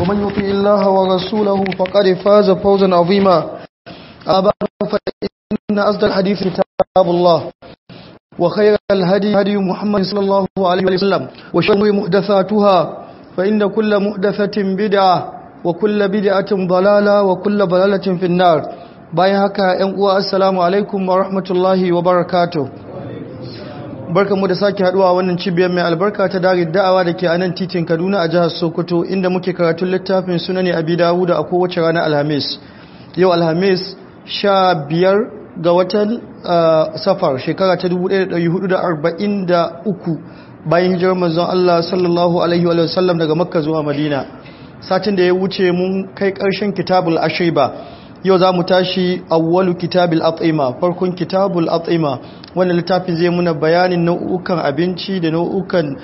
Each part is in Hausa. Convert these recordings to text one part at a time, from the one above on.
ومن يطع الله ورسوله فقد فاز فوزا عظيما أبا فإن أصدق الحديث كتاب الله وخير الهدي هدي محمد صلى الله عليه وسلم وشر محدثاتها فإن كل محدثة بدعة وكل بدعة ضلالة وكل ضلالة في النار باي هكا أن السلام عليكم ورحمة الله وبركاته mu da sake haduwa wannan cibiyar mai albarka ta dare da'awa da ke a nan titin kaduna a jihar sokoto inda muke karatun littafin suna sunani abi dawuda a kowace ranar alhamis yau alhamis sha biyar ga watan ah, safar shekara ta 1443 bayan hijirar manzon allah sallallahu alaihi wa sallam daga makka zuwa madina satin da ya wuce mun kai karshen kitabul ashiba yau za mu tashi awwalu kitabil at'ima farkon kitabul at'ima wannan littafin zai muna bayanin nau'ukan abinci da nau'ukan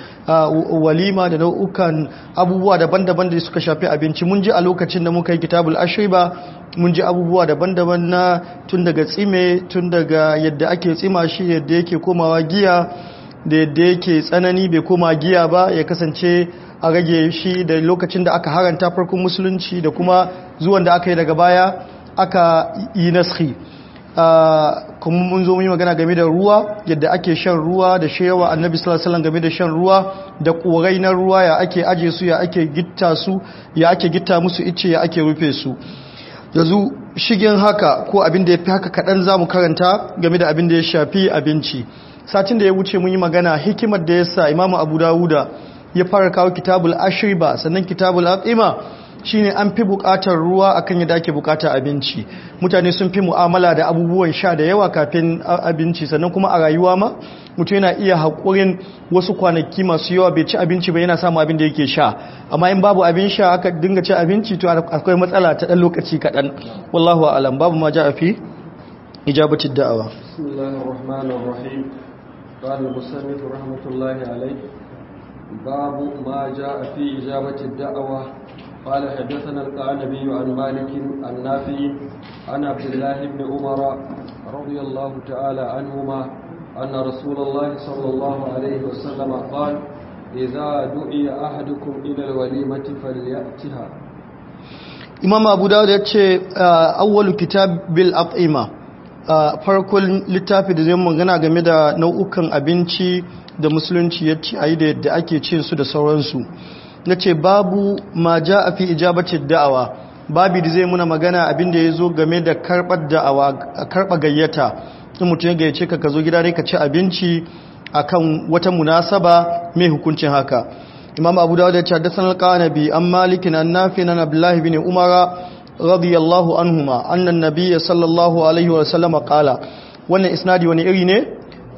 walima da nau'ukan abubuwa daban-daban da suka shafi abinci mun ji a lokacin da muka yi kitabul ashriba mun ji abubuwa daban-daban na tun daga tsime tun daga yadda ake tsima shi yadda yake komawa giya da yadda yake tsanani bai koma giya ba ya kasance a rage shi da lokacin da aka haranta farkon musulunci da kuma zuwan da aka yi daga baya aka yi naski kuma mun zo yi magana game da ruwa yadda ake shan ruwa da shewa annabi sallallahu game da shan ruwa da kurai na ruwa ya ake aje su ya ake gitta su ya ake gitta musu ice ya ake rufe su yanzu shigen haka ko abin da ya haka kaɗan zamu karanta game da abin da ya shafi abinci satin da ya wuce mun yi magana hikimar da yasa sa imamu abu dawuda ya fara kawo kitabul ashriba sannan kitabul at'ima shine an fi bukatar ruwa akan yadda ake bukatar abinci mutane sun fi mu'amala da abubuwan sha da yawa kafin abinci sannan kuma a rayuwa ma mutum yana iya haƙurin wasu kwanaki masu yawa bai ci abinci ba yana samun abin da yake sha amma in babu abin sha aka dinga ci abinci to akwai matsala ta ɗan lokaci kaɗan wallahu a'lam babu ma ja'afi fi ijabatid da'awa قال حدثنا القعنبي عن مالك النافي عن عبد الله بن عمر رضي الله تعالى عنهما أن رسول الله صلى الله عليه وسلم قال إذا دعي أحدكم إلى الوليمة فليأتها إمام أبو داود يتشي أول كتاب بالأطعمة farkon littafi da zai magana game da nau'ukan abinci da musulunci ya ci a da yadda ake cin su da sauransu na ce babu ma ja a fi ijabacin da'awa babu da zai muna magana abin da ya zo game da karɓar da'awa karɓa gayyata in mutum ya ce ka zo gida ne ka ci abinci kan wata munasaba mai hukuncin haka imam abu dawud ya ce haddasan alqanabi an malikin an nafi na abdullahi ne umara radiyallahu anhuma annan ya sallallahu alaihi wa sallam kala wannan isnadi wani iri ne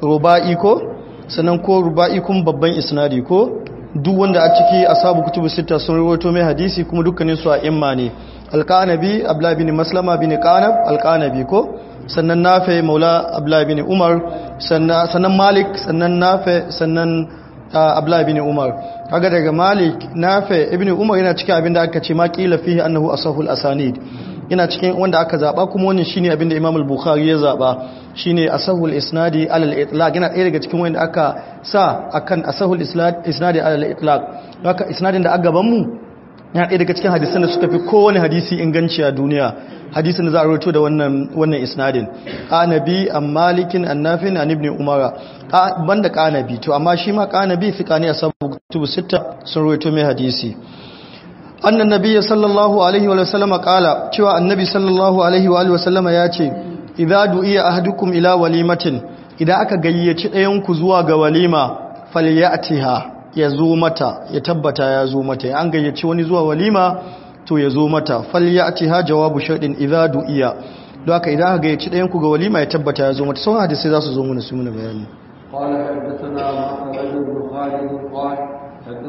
ruba'i ko sannan ko ruba'i kun babban isnadi ko duk wanda a ciki a sabu kutubu sita sun rawaito mai hadisi kuma dukkanin su a imma ne alqanabi abdullah bin maslama bin qanab alƙanabi ko sannan nafe maula abdullah bin umar sannan malik sannan nafe sannan abdullah bin umar kaga daga malik nafi ibn umar yana cikin abin da aka ce ma qila fihi annahu asahul asanid yana cikin wanda aka zaba kuma wannan shine abin da Imam al-Bukhari ya zaba shine asahul isnadi alal itlaq yana daya daga cikin wanda aka sa akan asahul isnadi alal itlaq haka isnadin da a gaban mu yana daya daga cikin hadisan da suka fi kowane hadisi inganci a duniya hadisin da za a rawaito da wannan wannan isnadin anabi ammalikin malikin an ibn umara banda kanabi to amma shi ma qanabi fiqani asabu kutubu sita sun rawaito mai hadisi annan nabiyya sallallahu alaihi wa sallama kala cewa annabi sallallahu alaihi wa sallama ya ce idza du'iya ahadukum ila walimatin idan aka gayyaci ɗayan ku zuwa ga walima falyatiha ya zo mata ya tabbata ya zo mata an gayyaci wani zuwa walima to ya zo mata falyatiha jawabu shartin idza du'iya don haka idan aka gayyaci ɗayan ku ga walima ya tabbata ya zo mata sauran hadisi za su zo mana su mana bayani قال حدثنا محمد بن خالد قال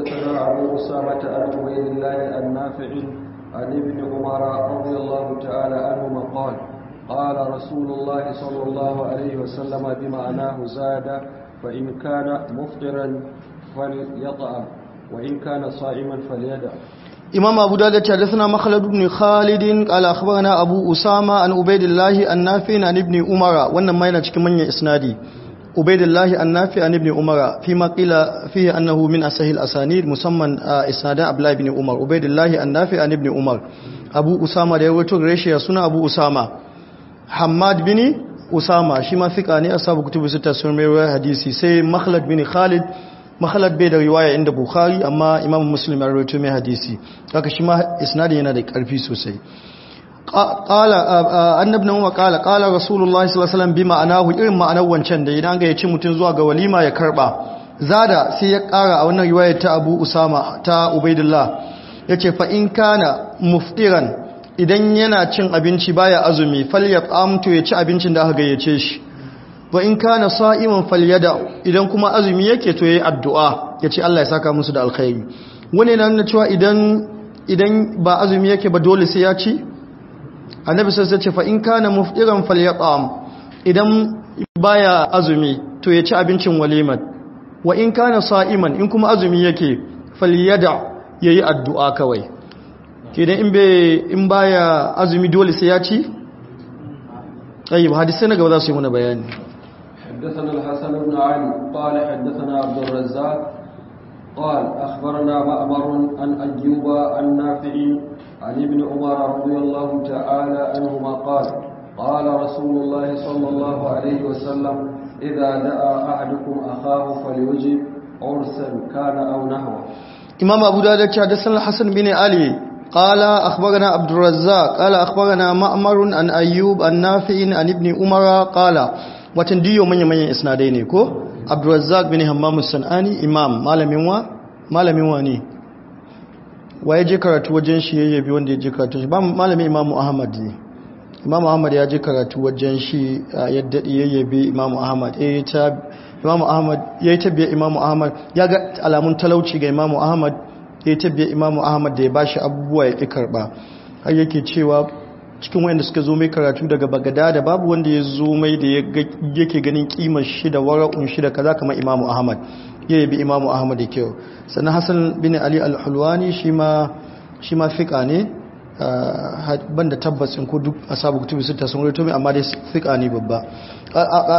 حدثنا أبو أسامة عن عبيد الله النافع عن ابن عمر رضي الله تعالى عنهما قال قال رسول الله صلى الله عليه وسلم بمعناه زاد فإن كان مفطرا فليطعم وإن كان صائما فليدع إمام أبو داود حدثنا مخلد بن خالد قال أخبرنا أبو أسامة عن عبيد الله النافع عن ابن عمر وأن ما يلا cikin manyan isnadi ubaidillahi annafi an ibn umar fi ma qila fihi annahu min asahil asanid musamman uh, isnadan abdullah ibn umar ubaidillahi annafi an ibn umar abu usama da ya wato greshiya suna abu usama hamad bin usama shi ma fiqa ne ashabu kutubu sita sun mai hadisi sai makhlad bin khalid makhalad bai da riwaya inda bukhari amma imam muslim ya rawaito mai hadisi haka shi ma isnadin yana da karfi sosai قال قال قال رسول الله صلى الله عليه وسلم bi ma'anahu irin ma'anar wancan da idan ga ya mutum mutun zuwa ga walima ya karba zada sai ya kara a wannan riwayar ta Abu Usama ta Ubaidillah yace fa in kana muftiran idan yana cin abinci baya azumi falyat'am to ya abincin da aka gayyace shi wa in kana sa'iman falyada idan kuma azumi yake to yayi addu'a yace Allah ya saka musu da alkhairi wani nan cewa idan idan ba azumi yake ba dole sai ya ci annabi sai ce fa in kana mufdiran falyat'am idan baya azumi to ya ci abincin walimar wa in kana sa'iman in kuma azumi yake falyada yayi addu'a kawai kidan in bai in baya azumi dole sai ya ci طيب حديثنا na gaba za su yi muna bayani حدثنا الحسن بن علي قال حدثنا عبد الرزاق قال أخبرنا مأمر عن أيوب عن نافع عن ابن عمر رضي الله تعالى عنهما قال قال رسول الله صلى الله عليه وسلم إذا دعا أحدكم أخاه فليجب عرسا كان أو نحوه إمام أبو داود حدثنا الحسن بن علي قال أخبرنا عبد الرزاق قال أخبرنا مأمر عن أيوب عن نافع عن ابن عمر قال watan diyo manya-manyan isnadai ne ko abdulrazzak bin hammam sanani imam malamin wa malamin wa ne wa ya je karatu wajen shi ya yabi wanda ya je karatu shi malamin imamu ahmad ne imamu ahmad ya je karatu wajen shi ya daɗi ya yabi imamu ahmad ya ta imamu ahmad ya yi tabbiya imamu ahmad ya ga alamun talauci ga imamu ahmad ya yi tabbiya imamu ahmad da ya bashi abubuwa ya ƙi ba. har yake cewa cikin wayanda suka zo mai karatu daga bagada da babu wanda ya zo mai da yake ganin kimar shi da wara'un shi da kaza kamar imamu ahmad ya yabi imamu ahmad da kyau sannan hassan bin ali al-hulwani shi ma fiƙa ne ban da tabbacin ko duk asabu kutubi sita sun rito mai amma dai fiƙa ne babba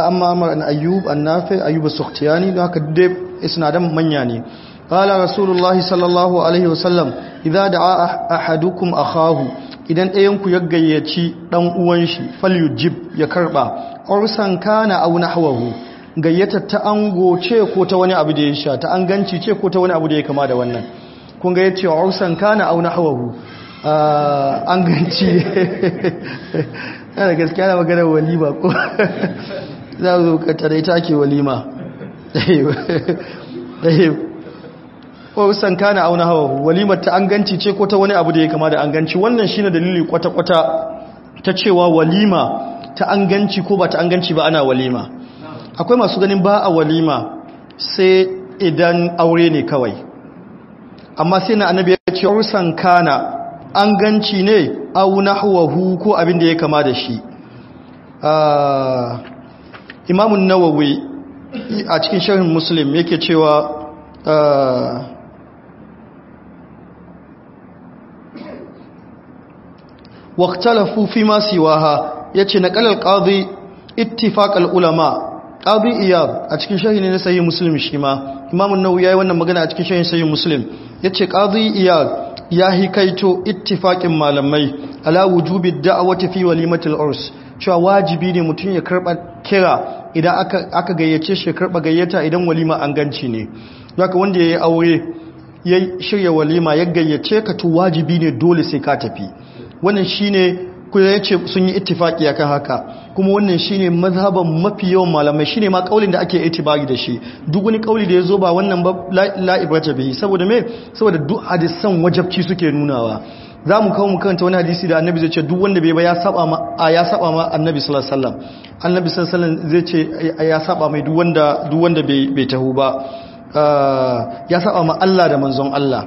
amma amar an ayyub an nafi ayyub sukhtiyani don haka dai isnadan manya ne qala rasulullahi sallallahu alaihi wasallam idza da'a ahadukum akhahu idan ɗayan ku ya gayyaci dan uwan shi falyujib ya karba ursan kana aw nahwahu gayyata ta ango ce ko ta wani abu da ya sha ta anganci ce ko ta wani abu da ya kama da wannan kun ga yace wa usan kana auna hawahu ah, anganci ana gaskiya na magana walima ko za zo ka tare ta ke walima Ƙwarsan eh, eh. kana auna hawa walimar ta anganci ce ko ta wani abu da ya kama da anganci wannan shine dalili kwata-kwata ta cewa walima ta anganci ko ba ta anganci ba ana walima akwai masu ganin ba a walima sai idan aure ne kawai amma sai na annabi ya ce ursan kana an ganci ne au ko abin da ya kama da shi ah, imamun nawawi a cikin shahin muslim yake cewa ah, fufi masu yi waha, ya ce na نقل القاضي ittifakal ulama. qadi iyad a cikin sharhi ne na sahih muslim shi ma imam an-nawawi yayi wannan magana a cikin sharhin sahih muslim yace qadi iyad ya hikaito ittifaqin malamai ala wujubi da'wati fi walimatil urs cewa wajibi ne mutum ya karba kira idan aka aka gayyace shi karba gayyata idan walima an ganci ne haka wanda yayi aure ya shirya walima ya gayyace ka to wajibi ne dole sai ka tafi wannan shine kuma yace sun yi ittifaki akan haka kuma wannan shine mazhaban mafi yawan malamai shine ma kaulin da ake itibari da shi duk wani kauli da yazo ba wannan ba la ibraja bihi saboda me saboda duk hadisan wajabci suke nunawa za mu kawo mu kanta wani hadisi da annabi zai ce duk wanda bai ba ya saba ma ya saba ma annabi sallallahu alaihi wasallam annabi sallallahu alaihi wasallam zai ce ya saba mai duk wanda duk wanda bai taho ba ah, ya saba ma Allah da manzon Allah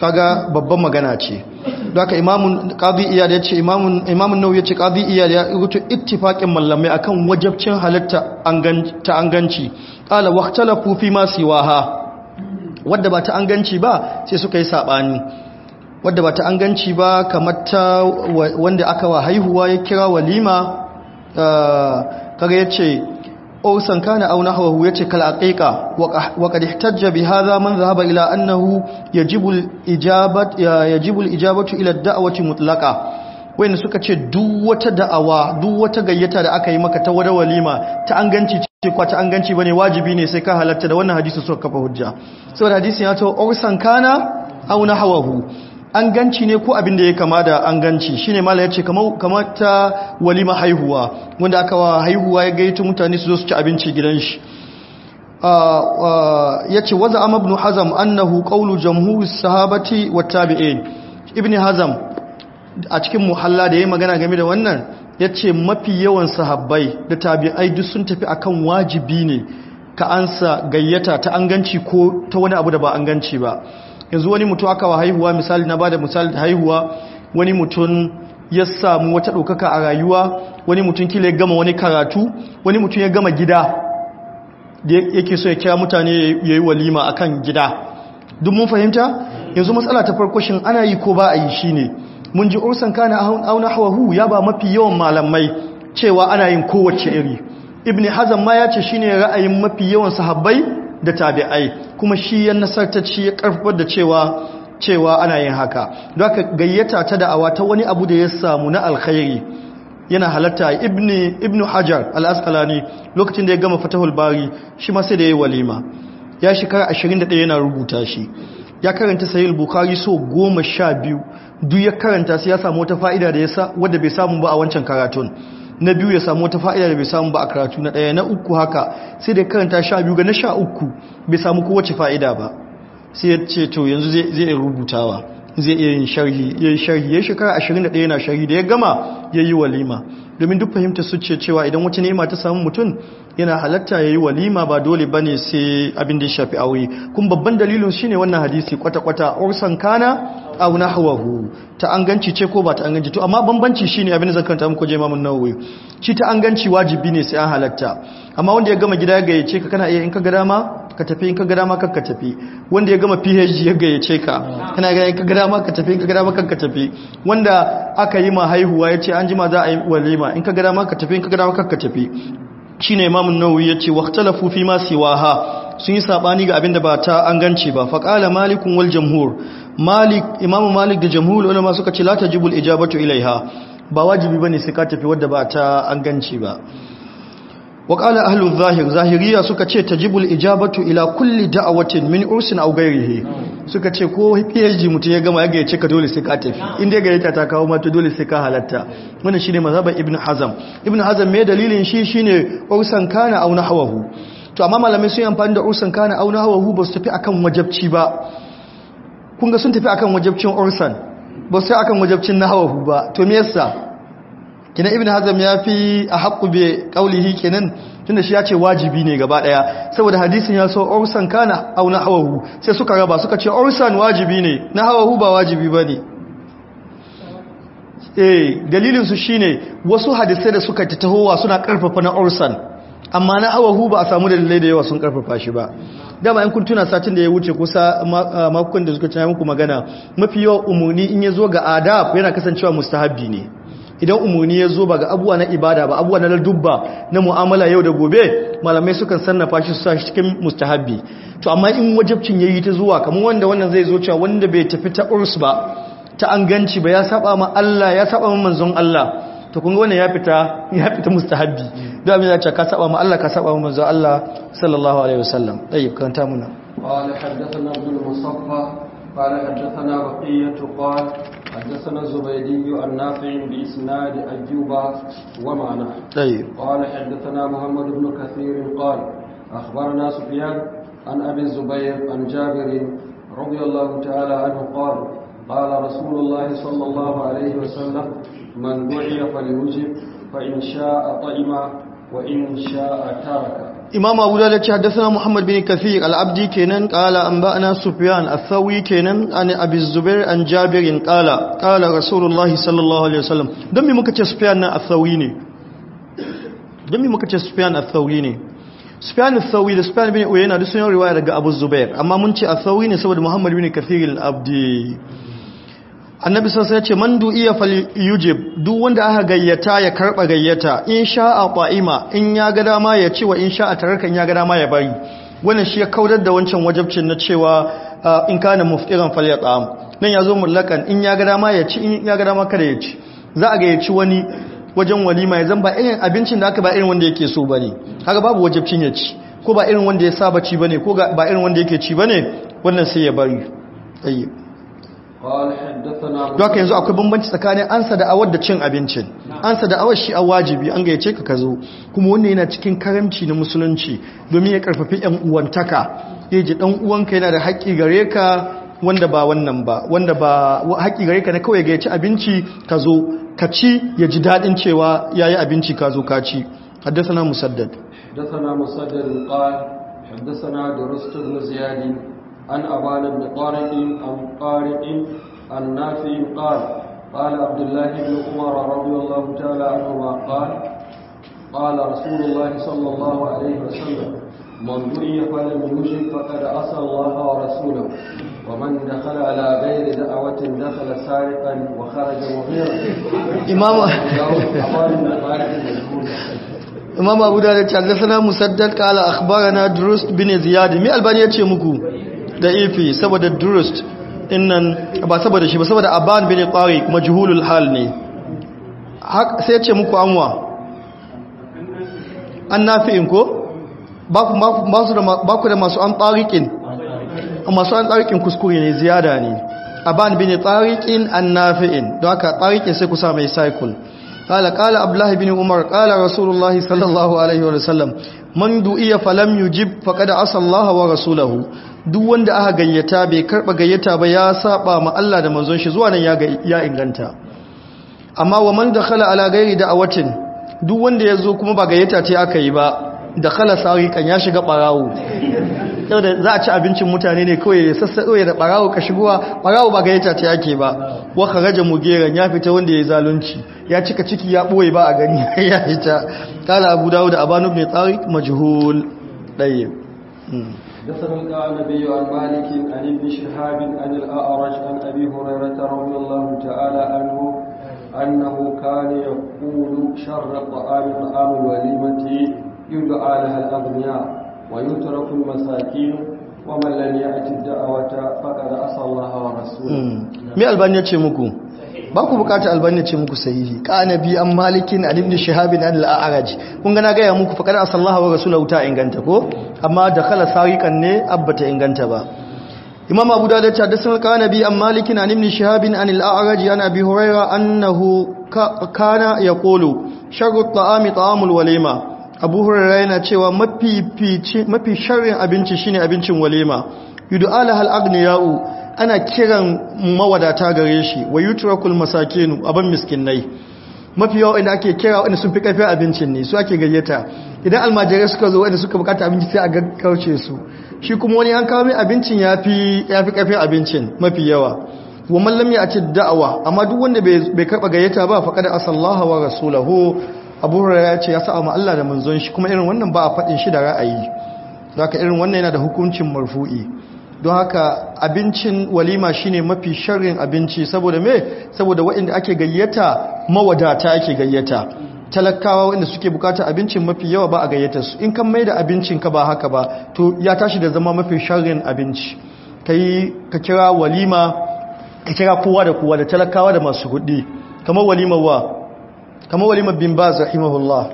kaga babban magana ce daga imamun qadi da ya imamun imamun nawawi ya ce qadi ya rubuta ittifaqin mallamai akan wajabcin halatta ta anganci qala waqtalafu fi ma siwaha wadda ba ta anganci ba sai suka yi sabani wadda ba ta anganci ba kamar ta wanda aka wa haihuwa ya kira walima eh, kaga yace أو سنكان أو نحوه يتك العقيقة وقد احتج بهذا من ذهب الى انه يجب الاجابه يجب الإجابة إلى الدعوة مطلقة suka ce duk wata da'awa duk wata gayyata da aka yi maka ta an ganci bane wajibi ne sai ka halatta da wannan hadisi suka kafa hujja saboda hadisi ya to ursan kana aw an ganci ne ko abin da ya kama da an ganci shine mala ya ce kamar walima haihuwa wanda aka wa haihuwa ya gaita mutane su zo su ci abinci gidan shi ya ce waza am hazam annahu qawlu Jamhuri sahabati wa tabi'in ibn hazam a cikin muhalla da yayi magana game da wannan ya ce mafi yawan sahabbai da tabi'ai duk sun tafi akan wajibi ne ka ansa gayyata ta anganci ko ta wani abu da ba anganci ba yanzu wani mutum aka wa haihuwa misali na bada misali da haihuwa wani mutum ya samu wata dokaka a rayuwa wani mutum kila ya gama wani karatu wani mutum ya gama gida da yake so ya kira mutane ya yi walima a kan gida duk mun fahimta yanzu matsala ta farko shin ana yi ko ba a yi shi ne mun ji ursan kana auna hu ya ba mafi yawan malamai cewa ana yin kowace iri ibn hazan ma ya ce shine ra'ayin mafi yawan sahabbai da tabi'ai kuma shi ya nasarta shi ya karfafar da cewa cewa ana yin haka don haka gayyata ta da'awa ta wani abu da ya samu na alkhairi yana halatta ibni ibnu hajar al-asqalani lokacin da ya gama fatahul bari shi ma sai da yayi walima ya shekara 21 yana rubuta shi ya karanta sahih bukhari so 12 duk ya karanta sai ya samu wata fa'ida da yasa wanda bai samu ba a wancan karatun na biyu ya samu wata fa'ida da bai samu ba a karatu na ɗaya na uku haka sai da karanta sha biyu ga na sha uku bai samu kowace fa'ida ba sai ya ce to yanzu zai iya rubutawa zai iya yin sharhi ya yi sharhi ya shekara ashirin da ɗaya na sharhi da ya gama ya yi walima domin duk fahimta su ce cewa idan wata nema ta samu mutum yana halatta ya yi walima ba dole ba ne sai abin da ya shafi aure kuma babban dalilin shine wannan hadisi kwata-kwata ursan kana aw nahwahu ta anganci ce ko ba ta anganci to amma bambanci shine abin da zan kanta muku je Imam Nawawi shi ta anganci wajibi ne sai an halatta amma wanda ya gama gida ya gayyace ka kana iya in ka ga dama ka tafi in ka ga dama kanka ka tafi wanda ya gama PhD ya gayyace ka kana ga in ka ga dama ka tafi in ka ga dama kanka ka tafi wanda aka yi ma haihuwa yace an jima za a yi walima in ka ga dama ka tafi in ka ga dama kanka ka tafi shine Imam Nawawi yace waqtalafu fi ma siwaha sun yi sabani ga abin da ba ta anganci ba faqala malikun wal jamhur malik imamu malik da jamhul ulama suka ce la tajibul ijabatu ilaiha ba wajibi bane sai ka tafi wadda ba ta an ganci ba wa qala zahir zahiriya suka ce tajibul ijabatu ila kulli da'watin min ursin aw ghairihi suka ce ko PhD mutun ya gama ya gayyace ka dole sai ka tafi in dai gayyata ta kawo mata dole sai ka halatta wannan shine mazhaban ibn hazm ibn hazm me dalilin shi shine ursan kana aw nahwahu to amma malamai sun yi amfani da ursan kana aw nahwahu ba su tafi akan wajabci ba kun ga sun tafi akan wajabcin Orsan ba sai akan wajabcin nahawu ba to me yasa kina ibnu hazm ya fi a ahqqu bi qawlihi kenan tunda shi ya ce wajibi ne gaba daya saboda hadisin ya so ursan kana na nahawu sai suka raba suka ce Orsan wajibi ne nahawu ba wajibi bane eh dalilin su shine wasu hadisai da suka tattahowa suna karfafa na Orsan amma na awahu ba a samu dalilai da yawa sun karfafa shi ba dama in kuntuna satin da ya wuce kusa makon da suka muku magana mafi yawa umuni in ya zo ga adab yana kasancewa mustahabbi ne idan umuni ya zo ba ga abuwa na ibada ba abuwa na ladubba na mu'amala yau da gobe malamai sukan sannafa shi su sa cikin mustahabbi to amma in wajibcin yayi ta zuwa kamar wanda wannan zai zo cewa wanda bai tafi ta urs ba ta anganci ganci ba ya saba ma Allah ya saba ma manzon Allah to kun ga wannan ya fita ya fita mustahabbi biya mai zace ka saba mu Allah ka saba mu manzo Allah sallallahu alaihi wasallam tayyib kan ta muna qala hadathana abdul musaffa qala hadathana baqiyatu qad hadathana zubaydi annafi bi isnad ajuba wa ma'na tayyib qala hadathana muhammad ibn kathir qala akhbarana sufyan an abi zubayr an jabir radiyallahu ta'ala anhu qala qala rasulullah sallallahu alaihi wasallam man du'iya falyujib fa in sha'a ta'ima imam abu dada ce haddasa muhammad bin kasir al'abdi kenan kala an ba na sufiyan a sauyi kenan a ne abin zubair an jabirin kala kala rasulullahi sallallahu alaihi wasallam don a sauyi ne don mi muka ce sufiyan a sauyi ne sufiyan a sauyi da sufiyan bin uyayyana duk sun riwaya daga abin zubair amma mun ce a sauyi ne saboda muhammad bin kasir al'abdi annabi sassa ya ce man fal falyujib duk wanda aka gayyata ya karba gayyata in a qa'ima in ya ga dama ya ce wa a sha'a tarkan ya ga dama ya bari wannan shi ya kaudar da wancan wajibcin na cewa ah, in kana muftiran falyat'am nan yazo mullakan in ya ga dama ya ci in ya ga dama kada ya ci za a ga ya ci wani wajen walima ya zan ba irin abincin da aka ba irin wanda yake so bane kaga babu wajibcin ya ci ko ba irin wanda ya saba ci bane ko ba irin wanda yake ci bane wannan sai ya bari doka yanzu akwai bambanci tsakanin ansa da awar da cin abincin ansa da awar shi a wajibi an gayyace ka ka zo kuma wannan yana cikin karamci na musulunci domin ya karfafi yan uwantaka ya ji dan uwanka yana da haƙƙi gare ka wanda ba wannan ba wanda ba haƙƙi gare ka na kawai ci abinci ka zo ka ci ya ji daɗin cewa yayi abinci ka zo ka ci حدثنا مسدد حدثنا مسدد قال حدثنا درست بن زياد عن أبان بن طارق أو طارق النافي قال قال عبد الله بن عمر رضي الله تعالى عنهما قال قال رسول الله صلى الله عليه وسلم من دري فلم يشرك فقد عصى الله ورسوله ومن دخل على غير دعوة دخل سارقا وخرج مغيرا إمام إمام أبو داود حدثنا مسدد قال أخبرنا درست بن زياد مي ألباني يتشي مكو da ifi saboda durust Innan ba saboda shi ba saboda aban bin tariq majhulul hal ne sai ya ce muku anwa an ko ba ku da masu an tariqin masu an tariqin kuskure ne ziyada ne aban bin tariqin an don haka tariqin sai ku sa mai cycle قال قال Abdullahi الله Umar عمر قال Sallallahu Alaihi wa Sallam عليه وسلم Falam دعي فلم يجب فقد عصى duk wanda aka gayyata bai karba gayyata ba ya saba ma Allah da manzon shi zuwa nan ya inganta amma wa man dakhala ala ghairi da'watin duk wanda yazo kuma ba gayyata ce aka yi ba dakhala sariqan ya shiga barawo saboda za a ci abincin mutane ne kawai ya sassaɗo ya da ɓarawo ka shigowa ɓarawo ba gayyata ce yake ba wa kharaja mugeran ya fita wanda ya zalunci ya cika ciki ya ɓoye ba a gani ya fita kala abu dawud da abanu ibn tariq majhul ɗaya. نسب النبي عن مالك عن ابن شهاب عن الأعرج عن أبي هريرة رضي الله تعالى عنه أنه كان يقول شر الطعام طعام الوليمة يدعى لها الأغنياء ويترك المساكين ومن لم يأتي الدعوة فقد عصى الله ورسوله. مي ألبانيا تشي ba ku bukata albani ce muku sahihi kana bi an malikin an ibn shahabin an al kun ga na muku ya muku faqad asallaha wa rasulahu ta inganta ko amma da khala sariqan ne abba ta inganta ba imam abu Dada ta dasan kana bi an malikin an ibn shahabin an al-a'raj an abi annahu kana yaqulu sharru taami ta'amul walima abu hurara yana cewa mafi sharrin abinci shine abincin walima yudu'ala hal agniya'u ana kiran mawadata gare shi wa yutrakul masakinu aban miskinai mafi yawa inda ake kira wanda sun fi kafin abincin ne su ake gayyata idan almajirai suka zo wanda suka bukata abinci sai a gaggauce su shi kuma wani an kawo mai abincin ya fi kafin abincin mafi yawa wa mallam ya ce da'awa amma duk wanda bai karba gayyata ba da asallaha wa rasulahu abu hurairah ya ce ya sa'a ma Allah da manzon shi kuma irin wannan ba a faɗin shi da ra'ayi ka irin wannan yana da hukuncin marfu'i don haka abincin walima shine mafi sharrin abinci saboda me saboda waɗanda ake gayyata mawadata ake gayyata talakawa waɗanda suke bukatar abincin mafi yawa ba a gayyata su in kan maida abincin ka ba haka ba to ya tashi da zama mafi sharrin abinci kai ka kira walima ka kira kowa da kowa da talakawa da masu kuɗi kamar walima wa kamar walima bin ba rahimahullah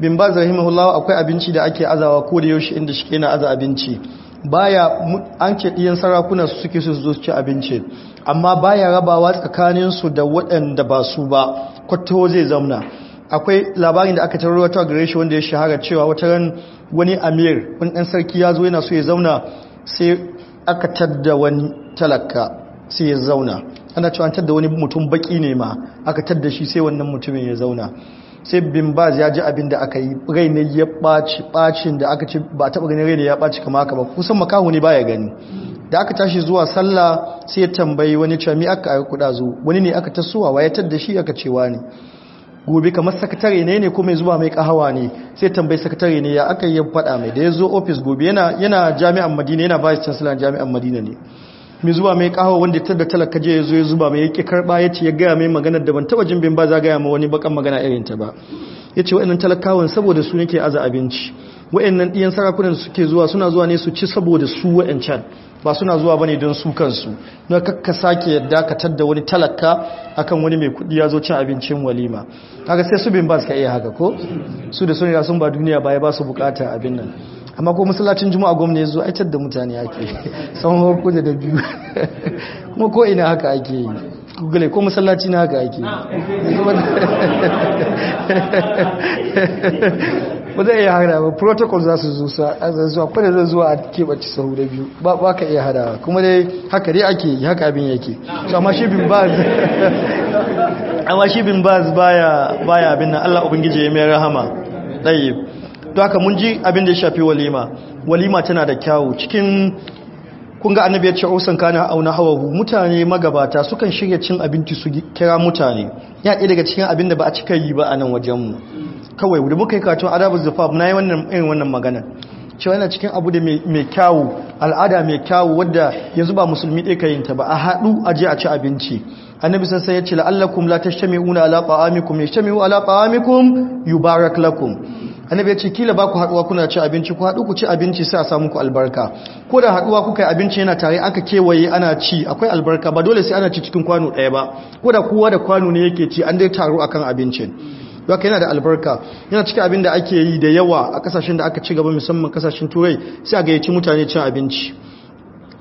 bin baz akwai abinci da ake azawa ko da yaushe inda shi ke na aza abinci baya an ce ɗiyan sarakuna su suke su zo ci abinci amma baya rabawa tsakaninsu da waɗanda ba su ba kwato zai zamna akwai labarin da aka tarar wata gare shi wanda ya shahara cewa wata ran wani amir wani ɗan sarki ya zo yana so ya zauna sai aka tadda wani talaka sai ya zauna ana cewa an tadda wani mutum baki ne ma aka tadda shi sai wannan mutumin ya zauna sai bin baz ya ji abin da aka yi rai ya ɓaci ɓacin da aka ci ba taɓa ganin raina ya ɓaci kama haka ba kusan makahu ne baya gani da aka tashi zuwa sallah sai ya tambayi wani cewa me aka aika kuɗa zo wani ne aka tasowa wa ya tadda shi aka cewa ne gobe kamar sakatare ne ne ko mai zuwa mai kahawa ne sai tambayi sakatare ne ya aka yi faɗa mai da ya zo ofis gobe yana jami'an madina yana vice chancellor jami'an madina ne mai zuba mai kawo wanda ta da talaka je ya zo ya zuba mai yake karba ya ce ya gaya mai maganar da ban taba jin bin ba za gaya ma wani bakan magana irin ta ba ya ce wa'annan talakawan saboda su nake aza abinci wa'annan ɗiyan sarakunan suke zuwa suna zuwa ne su ci saboda su wa'ancan ba suna zuwa bane don su kansu na kakka sake yadda ka tadda wani talaka akan wani mai kudi ya zo cin abincin walima kaga sai su bin ba ka iya haka ko su da sun sun ba duniya baya ba su bukata abin nan amma ko masallacin juma'a gwamna ya zo aitar da mutane ake tsawon hukun da biyu kuma ko ina haka ake yi gugule ko masallaci na haka ake yi ba zai iya hada ba protocol za su zuwa kwanan zai zuwa a keɓaci sau da biyu ba ka iya hada kuma dai haka dai ake yi haka abin yake amma shi bin baz amma shi baya abin na allah ubangiji ya mai rahama ɗaye to haka mun ji abin da ya shafi walima walima tana da kyawu cikin kun ga annabi ya ce usan kana auna hawa mutane magabata sukan shirya cin abinci su kira mutane ya ɗaya daga cikin abin da ba a cika yi ba a nan mu. kawai da muka yi karatun adabu zufaf na yi wannan wannan magana cewa yana cikin abu da mai kyawu al'ada mai kyawu wadda yanzu ba musulmi ɗaya kayin ta ba a haɗu a je a ci abinci annabi sun sai ya ce la'allakum la tashtami'una ala ta'amikum yashtami'u ala ta'amikum yubarak lakum annabi ya ce kila ba ku haɗuwa kuna ci abinci ku haɗu ku ci abinci sai a samu ku albarka ko da haɗuwa kuka yi abinci yana tare aka kewaye ana ci akwai albarka ba dole sai ana ci cikin kwano ɗaya ba ko da kowa da kwano ne yake ci an dai taro akan abincin haka yana da albarka yana cikin abin da ake yi da yawa a kasashen da aka ci gaba musamman kasashen turai sai a gayyaci mutane cin abinci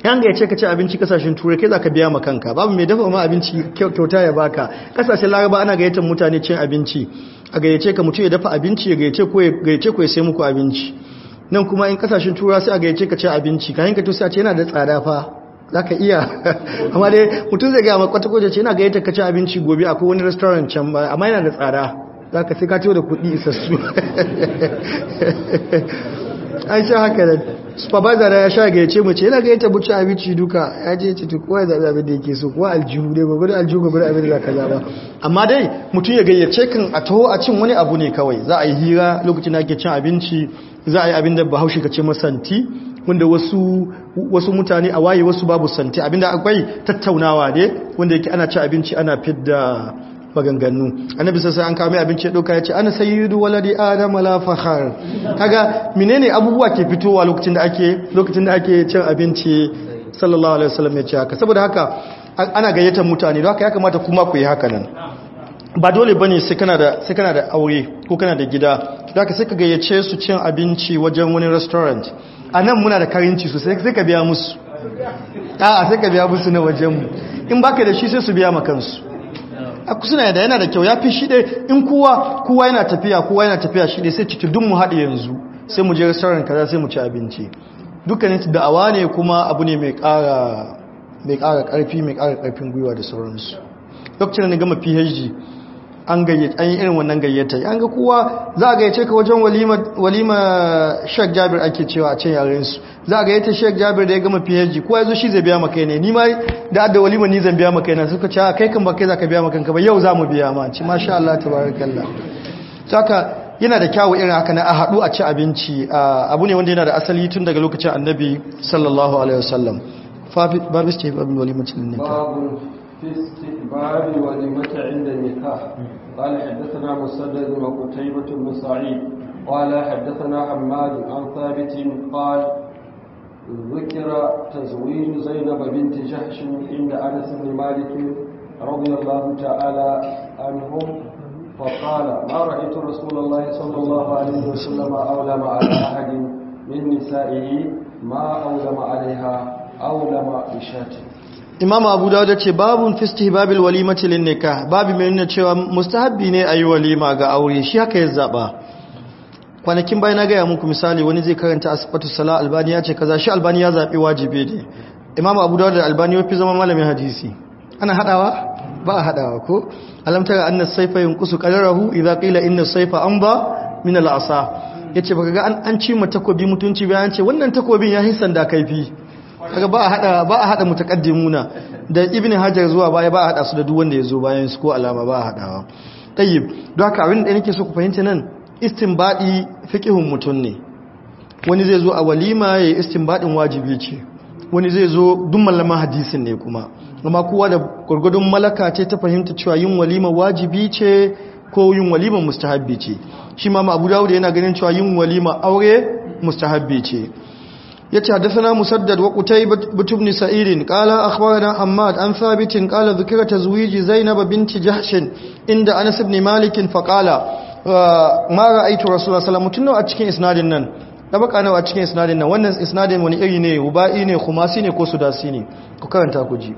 yan gayyace ce ka ci abinci kasashen turai kai za ka biya ma kanka babu mai dafa ma abinci kyauta ya baka kasashen laraba ana gayyatar mutane cin abinci a gayyace ka mutum ya dafa abinci ya gayyace ko ya sai muku abinci nan kuma in kasashen turai sai a gayyace ka ci abinci kayan ka to sai a ce yana da tsada fa za ka iya amma dai mutum zai gaya makwata kwace ce yana gayyata ka ci abinci gobe akwai wani restaurant can ba amma yana da tsada za ka sai ka ciwo da kuɗi isassu an sha haka da supervisor ya sha ga ce mace yana ga yata buci abinci duka ya ce ce ta kowa zaɓi abin da yake so kowa aljihu dai gwagwada aljihu gwagwada abin da ka zaɓa amma dai mutum ya gayyace kan a taho a cin wani abu ne kawai za a yi hira lokacin da ake cin abinci za a yi abin da bahaushe ka ce masanti wanda wasu wasu mutane a waye wasu babu santi abinda akwai tattaunawa ne wanda yake ana ci abinci ana fidda maganganu annabi sai an kawo mai abinci doka ya ce ana sayyidu waladi adam la fakhar kaga menene abubuwa ke fitowa lokacin da ake lokacin da ake cin abinci sallallahu alaihi wasallam ya ce haka saboda haka ana gayyatar mutane don haka ya kamata kuma ku yi haka nan ba dole ba ne sai kana da aure ko kana da gida da ka sai ka gayyace su cin abinci wajen wani restaurant a nan muna da karinci sosai sai ka biya musu a sai ka biya musu na wajenmu in baka da shi sai su biya makansu suna da yana da kyau ya fi shiɗe in kuwa kuwa yana tafiya kuwa yana tafiya shiɗe sai cikin dun mu haɗe yanzu sai mu je restaurant kaza sai mu ci abinci dukkanin da'awa ne kuma abu ne mai ƙara ƙarfi mai ƙara ƙarfin gwiwa da sauransu lokacin na gama phd an gayyata an yi irin wannan gayyata an ga kowa za a gayyace ka wajen walima walima Sheikh Jabir ake cewa a ce yaren su za a gayyata Sheikh Jabir da ya gama PhD kowa yazo shi zai biya maka ne ni ma da adda walima ni zan biya maka ne suka ce kai kan ba kai zaka biya maka ba yau za mu biya ma ci masha Allah tabarakallah saka yana da kyawu irin haka na a haɗu a ci abinci abu ne wanda yana da asali tun daga lokacin annabi sallallahu alaihi wasallam babu ce babu walimacin ninka في استحباب ولمة عند النكاح قال حدثنا مسدد وقتيبة بن سعيد قال حدثنا حماد عن ثابت قال ذكر تزويج زينب بنت جحش عند انس بن مالك رضي الله تعالى عنهم فقال ما رايت رسول الله صلى الله عليه وسلم اولم على احد من نسائه ما اولم عليها اولم بشاته imam abu da ce babin fisti babil walimati ne ka babu mai nuna cewa mustahabbi ne a yi walima ga aure shi haka ya zaba kwanakin bayan na gaya muku misali wani zai karanta asibatu sala albani ya ce kaza shi albani ya zaɓi wajibi ne imam abu dawo da albani fi zama malamin hadisi ana haɗawa ba a haɗawa ko alam tara anna sayfa inna an ba min al yace baka ga an ci mu takobi mutunci bayan ce wannan takobin ya hisan da kaifi kaga ba a hada ba a hada mutaqaddimuna da ibn hajar zuwa baya ba a hada su da duk wanda ya zo bayan su ko alama ba a hadawa tayyib don haka abin da nake so ku fahimta nan istinbadi fiqhun mutun ne wani zai zo a walima yayin istinbadin wajibi ce wani zai zo duk malaman hadisin ne kuma amma kowa da gurgudun malaka ce ta fahimta cewa yin walima wajibi ce ko yin walima mustahabbi ce shi ma abu dawud yana ganin cewa yin walima aure mustahabbi ce yace hadathana musaddad wa qutayb ibn sa'id qala akhbarana hammad an thabit qala dhikra tazwij zainab binti jahsh inda anas ibn malik fa qala ma ra'aytu rasulullah sallallahu alaihi wasallam a cikin isnadin nan tabaka nawa a cikin isnadin nan wannan isnadin wani iri ne rubai ne khumasi ne ko sudasi ne ku karanta ku ji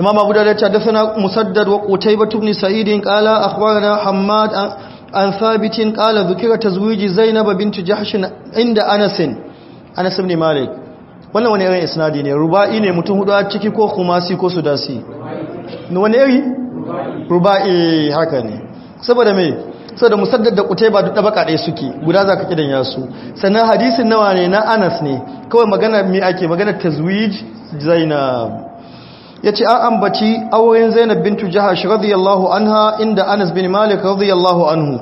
imam abu dawud yace hadathana musaddad wa qutayb ibn sa'id qala akhbarana hammad an thabit qala dhikra tazwij zainab binti jahsh inda anas anas ibn malik wannan wani irin isnadi ne ruba'i ne mutum hudu a ciki ko kumasi ko sudasi ne wani iri ruba'i haka ne saboda me saboda musaddad da kutaiba duk dabaka dai suke guda za ka kidan yasu sannan hadisin nawa ne na anas ne kawai magana me ake magana tazwij zainab ya ce an ambaci auren zainab bintu jahash radiyallahu anha inda anas bin malik radiyallahu anhu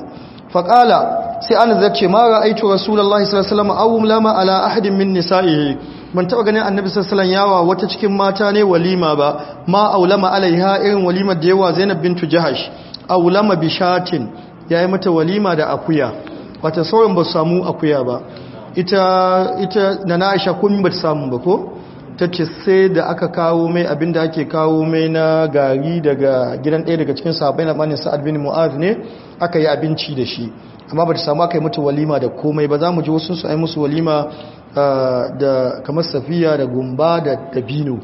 faƙala sai an zai ce ma ra'aitu rasulullahi sallallahu alaihi wasallam aw lama ala ahadin min nisa'ihi ban taba ganin annabi sallallahu alaihi yawa wata cikin mata ne walima ba ma aulama alaiha irin walimar da yawa zainab bintu jahash aulama bishatin yayi mata walima da akuya wata sauran ba samu akuya ba ita ita nana aisha kun ba samu ba ko tace sai da aka kawo mai abinda ake kawo mai na gari daga gidan ɗaya daga cikin sahabbai na bani sa'ad bin mu'az ne aka yi abinci da shi amma ba ta samu aka yi mutu walima da komai ba za mu ji wasu su ai musu walima ah, da kamar safiya da gumba da dabino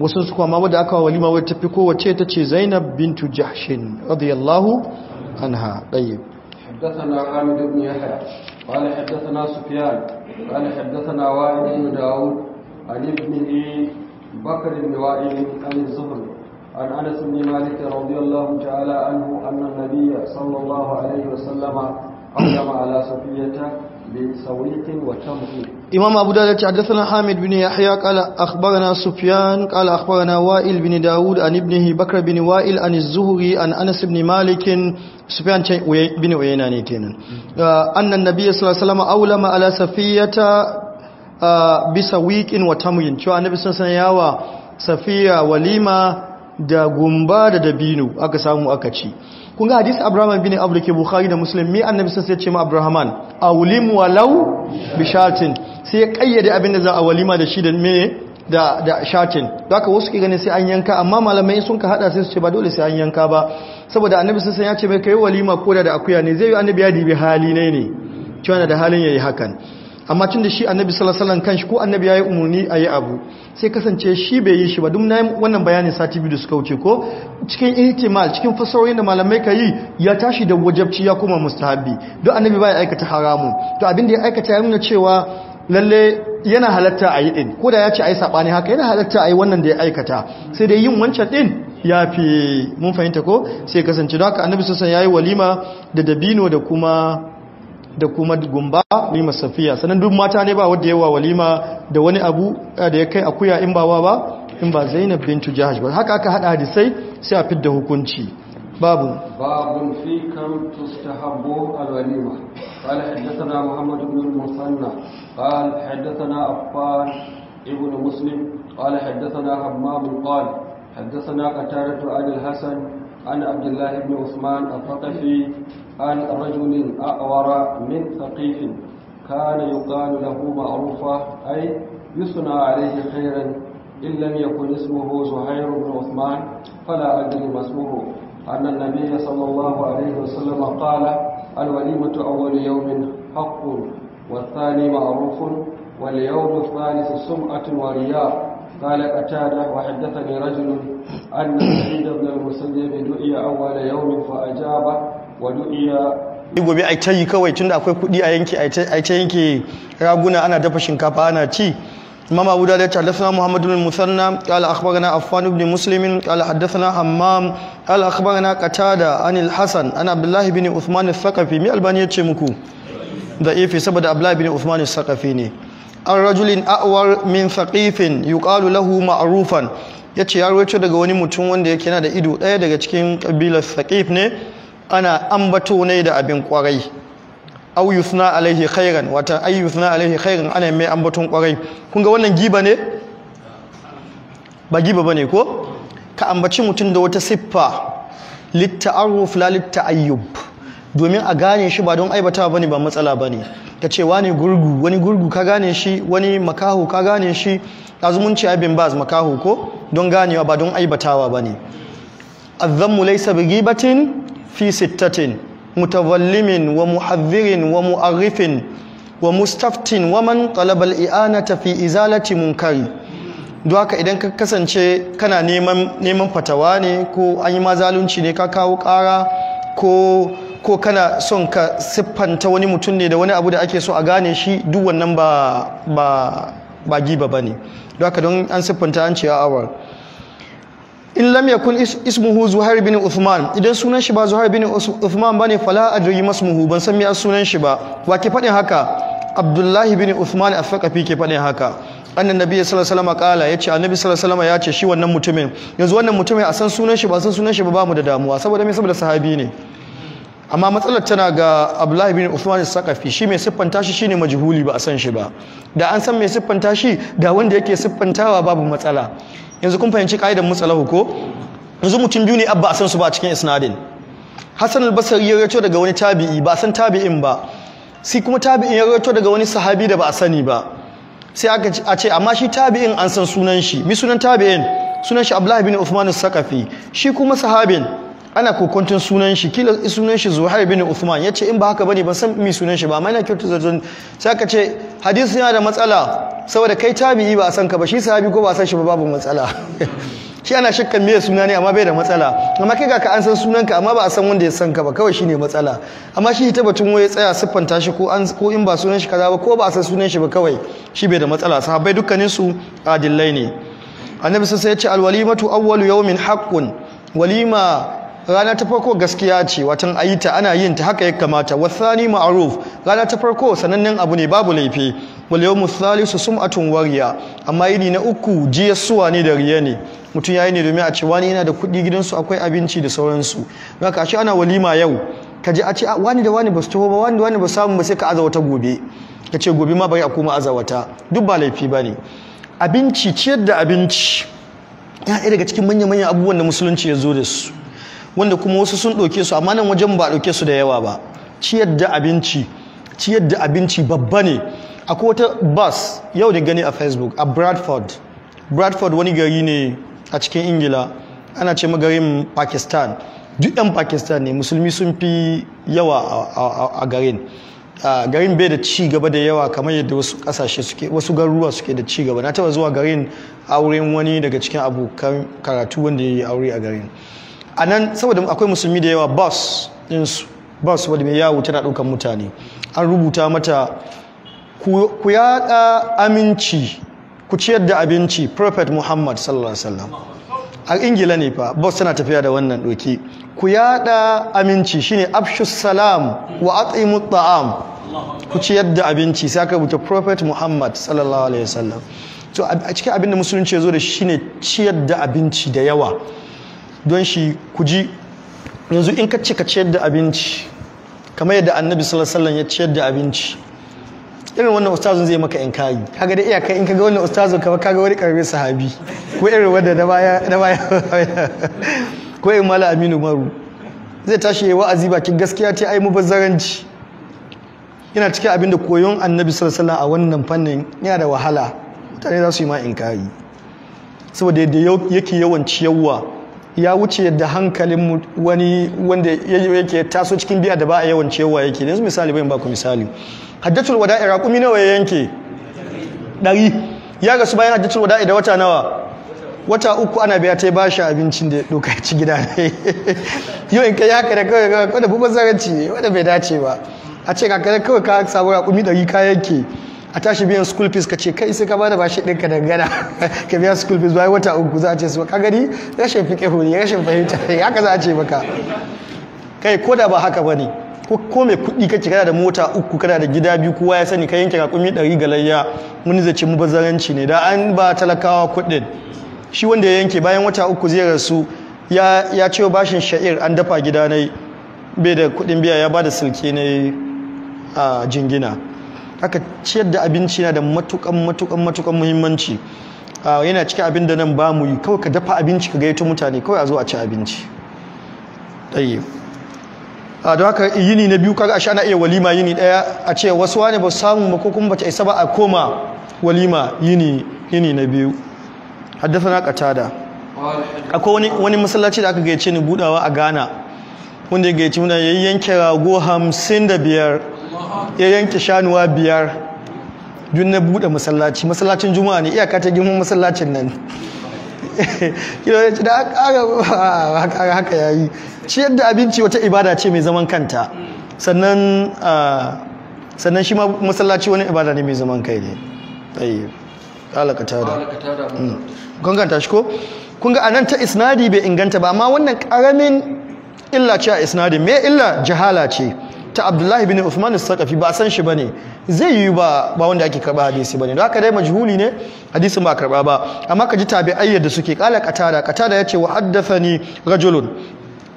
wasu su kuma wadda aka walima wadda ta fi kowace ta ce zainab bintu jahshin radiyallahu anha ɗaye حدثنا حامد بن يحيى قال حدثنا سفيان قال حدثنا وائل بن داود عن ابنه بكر بن وائل عن الزهري عن انس بن مالك رضي الله تعالى عنه ان النبي صلى الله عليه وسلم إمام أبو دادة حدثنا حامد بن يحيى قال أخبرنا سفيان قال أخبرنا وائل بن داود عن ابنه بكر بن وائل عن الزهري عن أنس بن مالك سفيان بن عيينة كان أن النبي صلى الله عليه وسلم أولم على سفية بسويك وتمر شو النبي صلى الله عليه وسلم سفية وليمة دا gumba دا dabino aka أكتشي kun ga hadisi abraham bin abu da ke bukhari da musulun mai annabi sai ya ce ma a wulimu walau bi sai ya kayyade abin da za a walima da shi da me da da shatin ka wasu ke ganin sai an yanka amma malamai sun ka hada sai su ce ba dole sai an yanka ba saboda annabi sai ya ce mai kai walima ko da akuya ne zai yi annabi ya dibi hali ne ne cewa da halin yi hakan amma tun da shi annabi sallallahu alaihi wasallam kanshi ko annabi umarni a yi abu sai kasance shi bai yi shi ba duk nayi wannan bayanin sati biyu da suka wuce ko cikin intimal cikin fasarorin da malamai ka yi ya tashi da wajabci ya koma mustahabi don annabi bai aikata haramun to abin da ya aikata ya nuna cewa lalle yana halatta a yi ɗin ko da ya ce a yi saɓani haka yana halatta a wannan da ya aikata sai dai yin wancan ɗin ya fi mun fahimta ko sai kasance don haka annabi sassan ya yi walima da dabino da kuma da kuma gumba lima safiya sanan duk mata ne ba wadda yawa walima da wani abu eh, da ya kai akuya in bawa ba in ba zainab bintu jahaj ba haka aka hada hadisai sai a fidda hukunci babu babu fi kam tustahabbu alwalima qala hadathana muhammad ibn al-musanna qala hadathana affan ibn muslim qala hadathana hammam bin qala hadathana qatadatu al-hasan ana Abdullahi ibn usman al-thaqafi عن رجل أعور من ثقيف كان يقال له معروفة أي يثنى عليه خيرا إن لم يكن اسمه زهير بن عثمان فلا أدري ما اسمه أن النبي صلى الله عليه وسلم قال الوليمة أول يوم حق والثاني معروف واليوم الثالث سمعة ورياء قال أتانا وحدثني رجل أن سعيد بن المسيب دعي أول يوم فأجابه gobe a can yi kawai tunda akwai kuɗi a yanki a can yanki raguna ana dafa shinkafa ana ci imam abu da ta haddasa muhammadu bin musanna qala akhbarana affan ibn muslim qala haddathana hammam qala akhbarana qatada anil hasan ana abdullahi bin usman sakafi. thaqafi mi albani yace muku da ifi saboda abdullahi bin usman sakafi ne an rajulin a'war min thaqifin yuqalu lahu ma'rufan yace ya rawaito daga wani mutum wanda yake yana da ido daya daga cikin kabilar thaqif ne ana ambato ne da abin kwarai au yusna alaihi khairan wata ay yusna alaihi khairan ana mai ambaton kwarai kun ga wannan giba ne ba giba bane ko ka ambaci mutum da wata siffa litta'aruf la ayyub. domin a gane shi ba don aibata bane ba matsala bane ka ce wani gurgu wani gurgu ka gane shi wani makaho ka gane shi azumunci abin baz makaho ko don ganewa ba don aibatawa bane azzammu laysa bi ghibatin fi sittatin mutawallimin wa muhadhirin wa mu'arrifin wa mustaftin wa man qalabal i'anata fi izalati munkari don haka idan ka kasance kana neman fatawa ne ko an yi mazalunci ne ka kawo kara ko ko kana son ka siffanta wani mutum ne da wani abu da ake so a gane shi duk wannan ba ba ba giba bane don haka don an siffanta an ce awar in lam yakun ismuhu zuhair bin uthman idan sunan shi ba zuhair bin uthman bane fala adri masmuhu ban san me sunan shi ba wa ke fadin haka abdullahi bin uthman afaqafi ke fadin haka annan nabi sallallahu alaihi wasallam kala yace annabi sallallahu alaihi wasallam yace shi wannan mutumin yanzu wannan mutumin a san sunan shi ba san sunan shi ba bamu da damuwa saboda me saboda sahabi ne amma matsalar tana ga abdullahi bin uthman as shi mai siffanta shi shine majhuli ba a san shi ba da an san mai siffanta shi da wanda yake siffantawa babu matsala yanzu kun fahimci ka'idar matsalahu ko yanzu mutum biyu ne abba a san su ba cikin isnadin Hassan al ya rato daga wani tabi'i ba a san tabi'in ba sai kuma tabi'in ya rato daga wani sahabi da ba a sani ba sai aka a ce amma shi tabi'in an san sunan shi mi sunan tabi'in sunan shi Abdullah bin Uthman sakafi shi kuma sahabin ana kokontun sunan shi kila sunan shi Zuhair bin Uthman yace in ba haka bane ban san mi sunan shi ba amma ina kyautu zazzan sai aka ce hadisi yana da matsala saboda kai tabi'i ba a san ka ba shi sahabi ko ba a san shi ba babu matsala shi ana shakkan me suna ne amma bai da matsala amma kai ga ka an san sunanka amma ba a san wanda ya san ka ba kawai shine matsala amma shi ta batun waye tsaya siffanta shi ko an ko in ba sunan shi kaza ba ko ba a san sunan shi ba kawai shi bai da matsala sahabbai dukkanin su adillai ne annabi sai ya ce alwalimatu awwalu yawmin haqqun walima rana ta farko gaskiya ce watan ayita ana yin ta haka ya kamata wasani ma'ruf rana ta farko sanannen abu ne babu laifi wal yawmu thalithu sum'atun wariya amma yini na uku jiyassuwa ne da riya ne mutum yayi ne domin a ce wani yana da kuɗi gidansu akwai abinci da sauransu don ka ashe ana walima yau ka ji a ce ah, wani da wani ba su taho ba wani da wani ba samu ba sai ka aza gobe ka ce gobe ma bari a koma azawata duk ba laifi ba ne abinci ciyar da abinci ya ɗaya daga cikin manya-manyan abubuwan da musulunci ya zo da su wanda kuma wasu sun ɗauke su amma nan wajen ba ɗauke su da yawa ba ciyar da abinci ciyar da abinci babba ne akwai wata bus yau da gani a facebook a bradford bradford wani gari ne a cikin ingila ana ce magarin pakistan duk 'yan pakistan ne musulmi sun fi yawa a garin garin bai da ci gaba da yawa kamar yadda wasu kasashe suke wasu garuruwa suke da ci gaba na taba zuwa garin auren wani daga cikin abokan karatu wanda ya yi aure a garin a nan saboda akwai musulmi da yawa bus dinsu bus wadda mai yawo tana ɗaukar mutane an rubuta mata ku yaɗa aminci ku ciyar da abinci prophet muhammad sallallahu alaihi wasallam a ingila ne fa bus tana tafiya da wannan doki ku yaɗa aminci shine afshus salam wa at'imu ta'am ku ciyar da abinci sai aka rubuta prophet muhammad sallallahu alaihi wasallam to a cikin abin da musulunci ya zo da shine ciyar da abinci da yawa don shi ku ji yanzu in ka ce ka ciyar da abinci kamar yadda annabi sallallahu ya ciyar da abinci irin wannan ustazun zai maka inkari kaga da iyaka in kaga wannan ustazun ka kaga wani karbe sahabi ko irin wanda na baya ko irin mala aminu maru zai tashi yayi wa'azi bakin gaskiya ta ai mubazzaranci yana cikin abin da koyon annabi sallallahu a wannan fannin yana da wahala mutane za su yi ma inkari saboda yadda yake yawan ciyarwa ya wuce da hankalin wani wanda yake taso cikin biya da ba a yawan cewa yake yanzu misali bayan baku misali hajjatul wada'i raqumi nawa ya yanke ɗari ya rasu bayan hajjatul wada'i da wata nawa wata uku ana biya ta bashi abincin da ya doka ci gida Yo in kai haka da kawai da kawai wanda bubazzaranci ne wanda bai dace ba a ce kakare kawai ka samu raƙumi ɗari ka yanke a tashi biyan school fees ka ce kai sai ka bada bashi ɗinka dangana ka biya school fees bayan wata uku za a ce su ka gani rashin fiƙe ne rashin fahimta ne haka za a ce maka kai ko da ba haka ba ne ko mai kuɗi kake kana da mota uku kana da gida biyu kowa ya sani ka yanke kumi ɗari galayya wani zai ce bazaranci ne da an ba talakawa kuɗin shi wanda ya yanke bayan wata uku zai rasu ya ya ce bashin sha'ir an dafa gida na bai da kuɗin biya ya ba da silke na a jingina haka ciyar da abinci yana da matukan matukan matukan muhimmanci yana cikin abin da nan ba mu yi kawai ka dafa abinci ka gaito mutane kawai a zo a ci abinci ɗaya a don haka yini na biyu kaga ashe ana iya walima yini ɗaya a ce wasu wane ba samu ba ko kuma bata isa ba a koma walima yini yini na biyu haddasa qatada akwai wani masallaci da aka gayyace ni budawa a Ghana wanda ya gayyaci mutane yayyanke rago hamsin da biyar. ya yanke shanuwa biyar jun na buɗe masallaci masallacin juma'a ne iyaka ta girman masallacin nan da haka ya yi ciyar da abinci wata ibada ce mai zaman kanta sannan sannan shi ma masallaci wani ibada ne mai zaman kai ne ayi alakata da ganganta mm. shi ko kun ga anan ta isnadi bai inganta ba amma wannan karamin illa ce a isnadi me illa jihala ce ta Abdullahi bin Usmanu al ba ba san shi bane zai yi ba ba wanda ake karba hadisi bane don haka dai majhuli ne hadisin ba karba ba amma ka ji ayyar da suke kala qatada qatada yace wa ni rajulun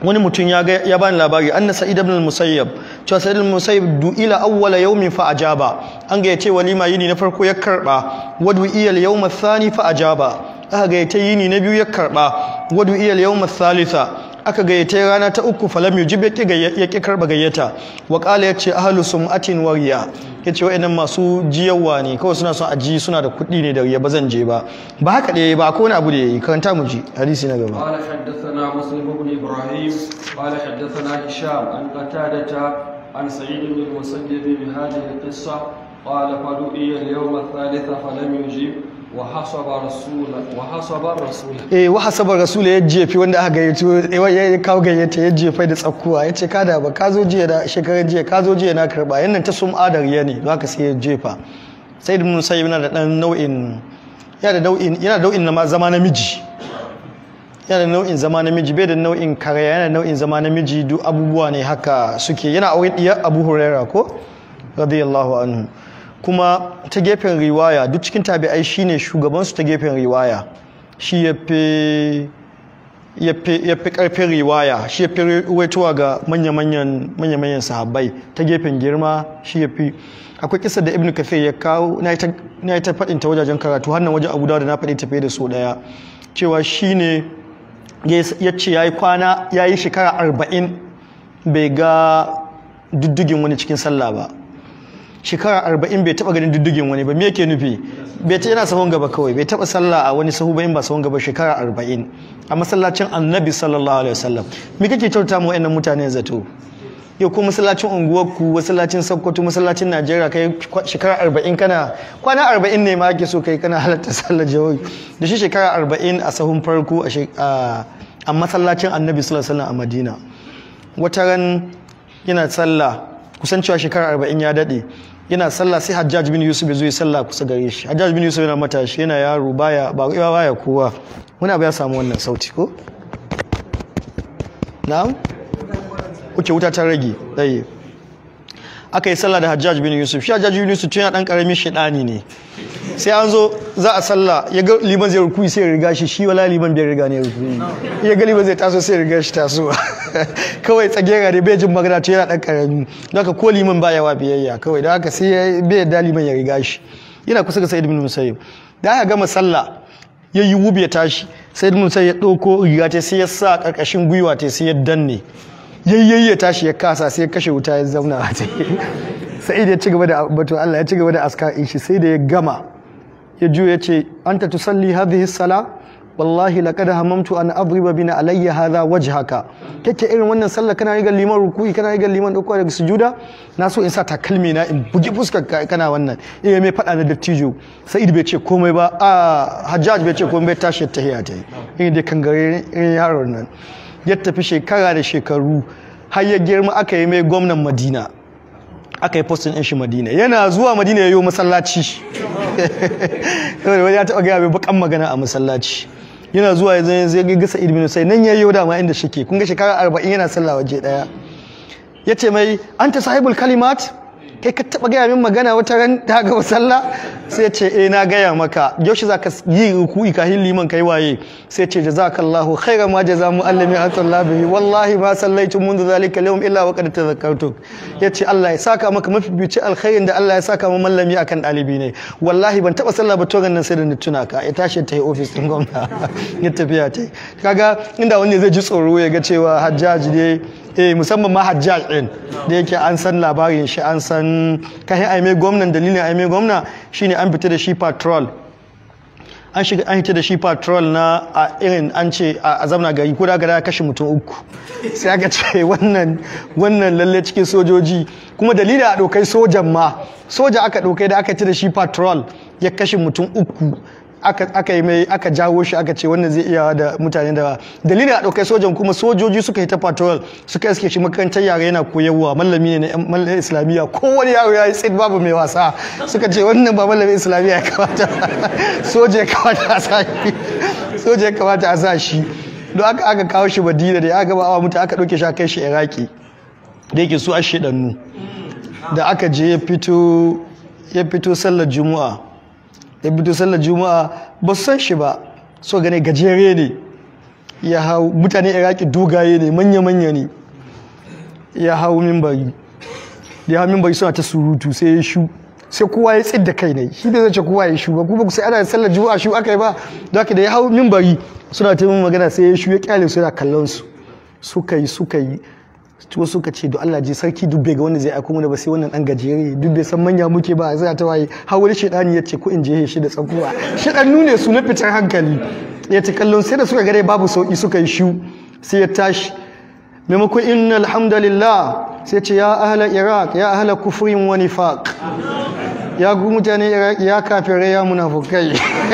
wani mutum ya ga ya bani labari anna sa'id ibn al-musayyab cewa sa'id ibn al-musayyab du'ila awwala yawmin fa ajaba an ga yace walima yini na farko ya karba wadu iyal yawm ath-thani fa ajaba aka ga yace yini na biyu ya karba wadu iyal yawm ath aka gayyata rana ta uku falam yujib ya ki karba gayyata wa qala yace ahlu sum'atin wariya yace wayannan masu jiyawa ne kawai suna son aji suna da kuɗi ne da riya ba zan je ba ba haka da ba ko wani abu da yayi karanta mu ji hadisi na gaba qala haddathana muslim ibn ibrahim qala haddathana hisham an qatadata an sa'id ibn musayyib bi hadhihi al-qissa قال فدعي اليوم الثالث فلم يجيب وحسب الرسول وحسب الرسول eh وحسب الرسول ya jefi wanda aka gayyato ya kawo gayyata ya jefai da tsakkuwa yace ka da ba ka zo jiya da shekarar jiya ka zo jiya na karba yannan ta sum adar ya ne don haka sai ya jefa sai ibn musayyib yana da dan nau'in yana da nau'in yana da nau'in zama namiji yana da nau'in zama namiji bai da nau'in karaya yana da nau'in zama na miji duk abubuwa ne haka suke yana aure diyar Abu Hurairah ko radiyallahu anhu kuma ta gefen riwaya duk cikin tabi'ai shine shugabansu ta gefen riwaya shi ya fi karfin riwaya shi ya fi ruwaitowa ga manya-manyan sahabbai ta gefen girma shi ya fi akwai kisa da ibn kafir ya kawo na yi ta faɗin ta wajajen karatu hannun wajen abu da na faɗi fiye da su ɗaya cewa shi ne ya ce ya yi kwana ya yi shekara arba'in bai ga diddigin wani cikin sallah ba shekara arba'in bai taba ganin diddigin wani ba me ke nufi bai ta yana sahun gaba kawai bai taba sallah a wani sahu ba in ba sahun gaba shekara arba'in a masallacin annabi sallallahu alaihi wasallam me kake kyauta mu wa'annan mutane zato yau ko masallacin unguwarku masallacin sokoto masallacin najeriya kai shekara arba'in kana kwana arba'in ne ma ake so kai kana halatta sallar jawai da shi shekara arba'in a sahun farko a masallacin annabi sallallahu alaihi wasallam a madina wata ran yana sallah kusan cewa shekara arba'in ya daɗe yana sallah sai Hajjaj bin Yusuf ya zo ya sallah kusa gare shi Hajjaj bin Yusuf yana matashi yana yaro baya ba baya kowa muna ba ya samu wannan sauti ko na'am wuta ta rage tsaye aka yi sallah da Hajjaj bin Yusuf shi Hajjaj bin Yusuf yana dan karamin shedani ne sai an zo za a sallah ya ga liman zai rukuyi sai ya riga shi shi wala liman bai riga ne rukuyi ya ga liman zai taso sai ya riga shi taso kawai tsagera ne bai jin magana tun yana dan ƙaramin don haka ko liman ba yawa biyayya kawai don haka sai bai da liman ya riga shi yana kusa ga Sa'id bin Musayyib da aka gama sallah ya yi wube tashi sai bin sai ya ɗauko riga ta sai ya sa ƙarƙashin gwiwa ta sai ya danne yayyayya tashi ya kasa sai ya kashe wuta ya zauna a ciki da ya ci gaba da batun Allah ya ci gaba da in shi sai da ya gama ya juya ya ce anta tusalli hadhihi sala wallahi laqad hamamtu an adriba bina alayya waje haka. kake irin wannan sallah kana yi liman ruku'i kana yi liman dauko daga sujuda na so in sa takalmi na in bugi fuskar kana wannan eh mai fada na dattijo sa'id bai ce komai ba a hajjaj bai ce komai bai tashi ta yi irin dai kangare yin yaron nan ya tafi shekara da shekaru har ya girma aka yi mai gwamnan madina aka yi postin ɗin shi madina yana zuwa madina ya yi masallaci ya taɓa gaya mai bakan magana a masallaci yana zuwa ya zai zai gasa ilimin sai nan ya yi dama inda shike kun ga shekara arba'in yana sallah waje daya ya ce mai anta sahibul kalimat kai ka taba gaya min magana wata ran ta gaba sallah sai ya ce eh na gaya maka yaushe za ka yi ruku'i ka hin liman kai waye sai ya ce jazakallahu khaira ma jaza mu allami wallahi ma sallaitu mundu zalika yawm illa wa qad tadhakkartuk ya ce Allah ya saka maka mafi bici alkhairin da Allah ya saka mu mallami akan dalibi ne wallahi ban taba sallah ba to nan sai da na tuna ka ya tashi ta yi office din gwamna ya tafiya ta kaga inda wani zai ji tsoro ya ga cewa hajjaji ne eh musamman ma Hajjaj din da yake an san labarin shi an san kai ai mai gwamnan dalilin ai mai gwamna shine an fita da shi patrol an shiga an da shi patrol na a irin an ce a zamna gari ko da aka kashe mutum uku sai aka ce wannan wannan lalle cikin sojoji kuma dalilin a dokai sojan ma soja aka dokai da aka ci da shi patrol ya kashe mutum uku aka yi mai aka jawo shi aka ce wannan zai iya da mutane da dalilin a ɗaukai sojan kuma sojoji suka yi ta patrol suka iske shi makarantar yare yana koyarwa mallami ne na islamiyya wani yaro ya yi tsit babu mai wasa suka ce wannan ba mallamin islamiyya ya kamata soja ya kamata a sa shi soja ya kamata a sa shi don aka aka kawo shi madina da ya gaba awa mutu aka ɗauke shi a kai shi iraki da yake su a ɗannu. da aka je ya fito ya fito sallar juma'a ya fito sallar juma'a ba su san shi ba so gane gajere ne ya hau mutane iraki dogaye ne manya-manya ne ya hau mimbari ya hau mimbari suna ta surutu sai ya shu sai kowa ya tsid da kai ne shi da zace kowa ya shu ba kuma sai ana sallar juma'a shu aka yi ba da haka da ya hau mimbari suna ta yin magana sai ya shu ya kyale su yana kallon su suka yi suka yi wasu ka ce duk Allah ji sarki duk bai ga wanda zai aiko mu da ba sai wannan dan gajere duk bai san manya muke ba sai ta waye har shedani ya ce ko in je shi da tsakuwa shedan nune su na fitar hankali ya ta kallon sai da suka gare babu sauki suka yi shu sai ya tashi maimakon innal hamdalillah sai ce ya ahla iraq ya ahla kufrin wa nifaq ya gu mutane iraq ya kafirai ya munafukai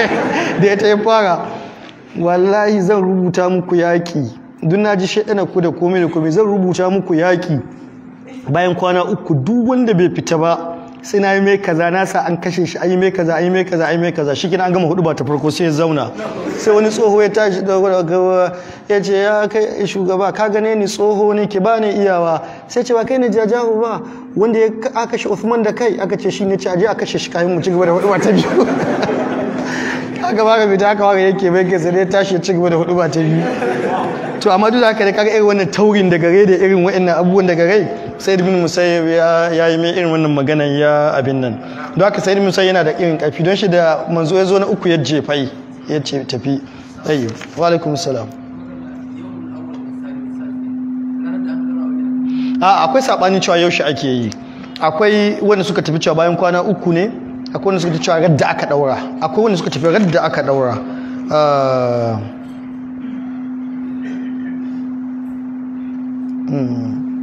da ya ta fara wallahi zan rubuta muku yaki duk na ji shaɗana ku da komai da komai zan rubuta muku yaƙi bayan kwana uku duk wanda bai fita ba sai na yi mai kaza na sa an kashe shi an yi mai kaza an yi mai kaza an yi mai kaza shi kina an gama hudu ba ta farko sai ya zauna sai wani tsoho ya tashi da gaba ya ce ya kai shugaba ka gane ni tsoho ne ki bani iyawa sai ce ba kai ne jajahu ba wanda ya aka shi Uthman da kai aka ce shi ne ce aje aka kashe shi kayan mu ci gaba da hudu ba ta biyu kaga ba ka fita haka haka yake mai kai sai ya tashi ya ci gaba da hudu ba ta biyu to amma duk da haka da kaga irin wannan taurin daga rai da irin wa'annan abubuwan daga rai Sayyid bin Musayyib ya yi mai irin wannan magana ya abin nan don haka Sayyid bin Musayyib yana da irin kafi don shi da manzo ya zo na uku ya jefai ya ce tafi ayyo wa alaikum salam a akwai sabani cewa yaushe ake yi akwai wanda suka tafi cewa bayan kwana uku ne akwai wanda suka tafi cewa radda aka daura akwai wanda suka tafi radda aka daura ah, 嗯。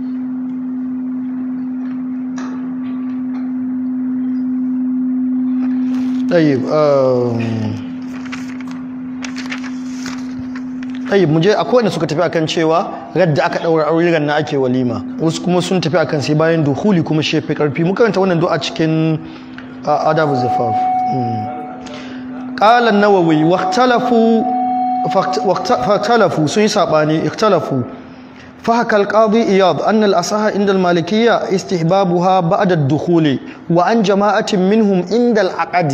طيب طيب um, muje akwai wanda suka tafi akan cewa radda aka daura auren na ake walima wasu kuma sun tafi akan sai bayan duhuli kuma shefe karfi mu karanta wannan du'a cikin adabu zafaf hmm. qala an-nawawi waqtalafu waqtalafu sun yi sabani iktalafu فهك القاضي إياض أن الأصحى عند المالكية استحبابها بعد الدخول وأن جماعة منهم عند العقد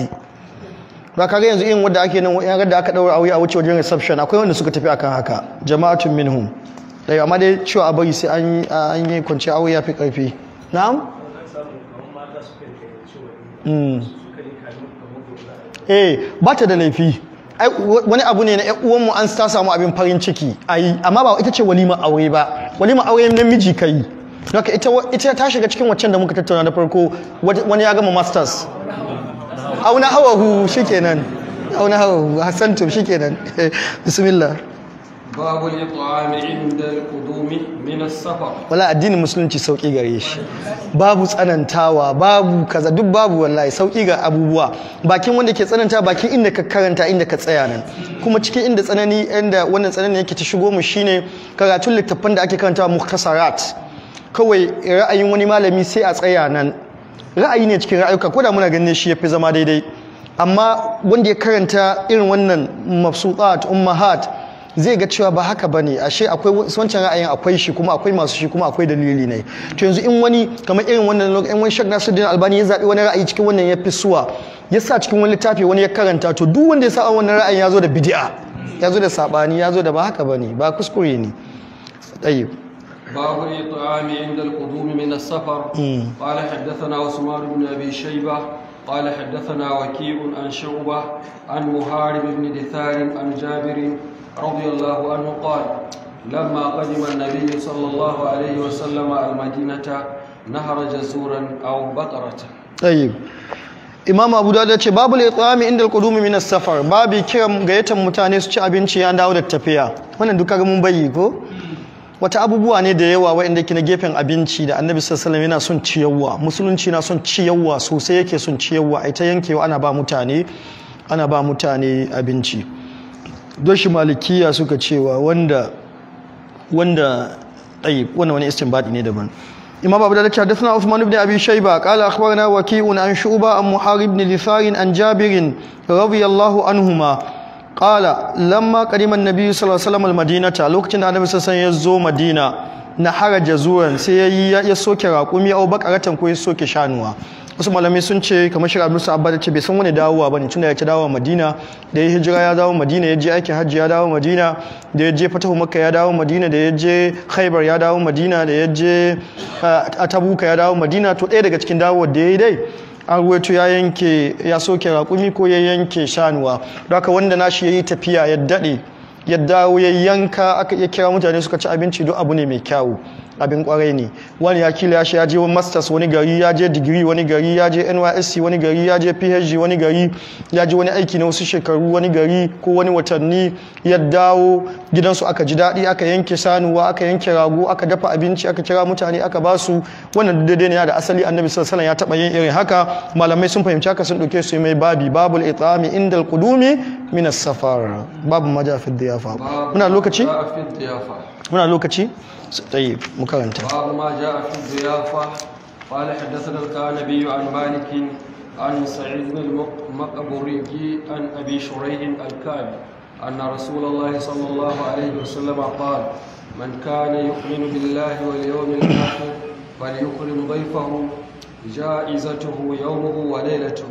ba kaga yanzu irin wanda ake nan yan da aka daura auye a wuce wajen reception akwai wanda suka tafi akan haka jama'atun minhum dai amma dai cewa a bari sai an an yi kwanci auye ya fi karfi na'am eh ba ta da laifi wani abu ne na ƴan uwanmu an ta samu abin farin ciki ayi amma ba ita ce walima aure ba walima aure namiji kai doka ita ita ta shiga cikin waccan da muka tattauna da farko wani ya gama masters auna hawahu shikenan auna hawahu hasantum shikenan bismillah babu it'ami inda kudumi qudumi min wala addinin musulunci sauƙi gare shi babu tsanantawa babu kaza duk babu wallahi sauki ga abubuwa bakin wanda ke tsananta bakin inda ka karanta inda ka tsaya nan kuma cikin inda tsanani inda wannan tsanani yake ta shigo mu shine karatun littafan da ake karanta mukhtasarat kawai ra'ayin wani malami sai a tsaya nan ra'ayi ne cikin ra'ayuka ko da muna ganin shi yafi zama daidai amma wanda ya karanta irin wannan mafsuqat ummahat zai ga cewa ba haka bane ashe akwai wancan ra'ayin akwai shi kuma akwai masu shi kuma akwai dalili ne to yanzu in wani kamar irin wannan lokacin wani Sheikh Nasiruddin Albani ya zabi wani ra'ayi cikin wannan ya fi suwa ya sa cikin wani littafi wani ya karanta to duk wanda ya sa wannan ra'ayin ya zo da bid'a ya zo da sabani ya zo da ba haka bane ba kuskure ne tayyib باب الإطعام عند القدوم من السفر قال حدثنا عثمان بن أبي شيبة قال حدثنا وكيع عن شعبة عن مهارب بن دثار عن جابر رضي الله عنه قال لما قدم النبي صلى الله عليه وسلم المدينة نهر جزورا أو بقرة طيب Imam Abu Dawud ya ce babu litsami inda al-qudumi min as-safar babu kiran gayyatar mutane su ci abinci ya dawo da tafiya wannan duka mun bayi ko wata abubuwa ne da yawa waɗanda ke na gefen abinci da Annabi sallallahu alaihi yana son ciyawwa musulunci na son ciyawwa sosai yake son ciyawwa ai ta yankewa ana ba mutane ana ba mutane abinci doshi malikiya suka cewa wanda wanda tayyib wannan wani istinbadi ne daban imam abu da hadathna usman ibn abi shayba qala akhbarna waqi'un an shu'ba an muharib ibn lisarin an jabirin radiyallahu anhuma qala lamma qadima an-nabi sallallahu alaihi wasallam al-madinata lokacin da annabi sallallahu alaihi ya zo madina na haraja zuwan sai ya soke raƙumi au bakaratan ko ya soke shanuwa wasu malamai sun ce kamar shirar musa abba da ce bai san wani dawowa ba ne tunda ya ci dawowa madina da ya hijira ya dawo madina ya je aikin hajji ya dawo madina da ya je fatahu makka ya dawo madina da ya je khaibar ya dawo madina da ya je uh, atabuka ya dawo madina to ɗaya daga cikin dawowar da ya yi dai an ruwaito ya yanke ya soke raƙumi ko ya yanke shanuwa don haka wanda nashi ya yi tafiya ya daɗe ya dawo ya yanka aka iya kira mutane suka ci abinci don abu ne mai kyawu abin kwarai ne wani ya kila shi ya je masters wani gari ya je digiri wani gari ya je nysc wani gari ya je phd wani gari ya je wani aiki na wasu shekaru wani gari ko wani watanni ya dawo gidansu aka ji daɗi aka yanke sanuwa aka yanke rago aka dafa abinci aka kira mutane aka ba su wannan daidai ne da asali annabi sallallahu ya taɓa yin irin haka malamai sun fahimci haka sun ɗauke su mai babi babul itami indal qudumi min as-safar babu majafi diyafa muna lokaci طيب مكرمة باب ما جاء في الضيافة قال حدثنا الكعنبي عن مالك عن سعيد بن المقبري عن أبي شريح الكعبي أن رسول الله صلى الله عليه وسلم قال من كان يؤمن بالله واليوم الآخر فليكرم ضيفه جائزته يومه وليلته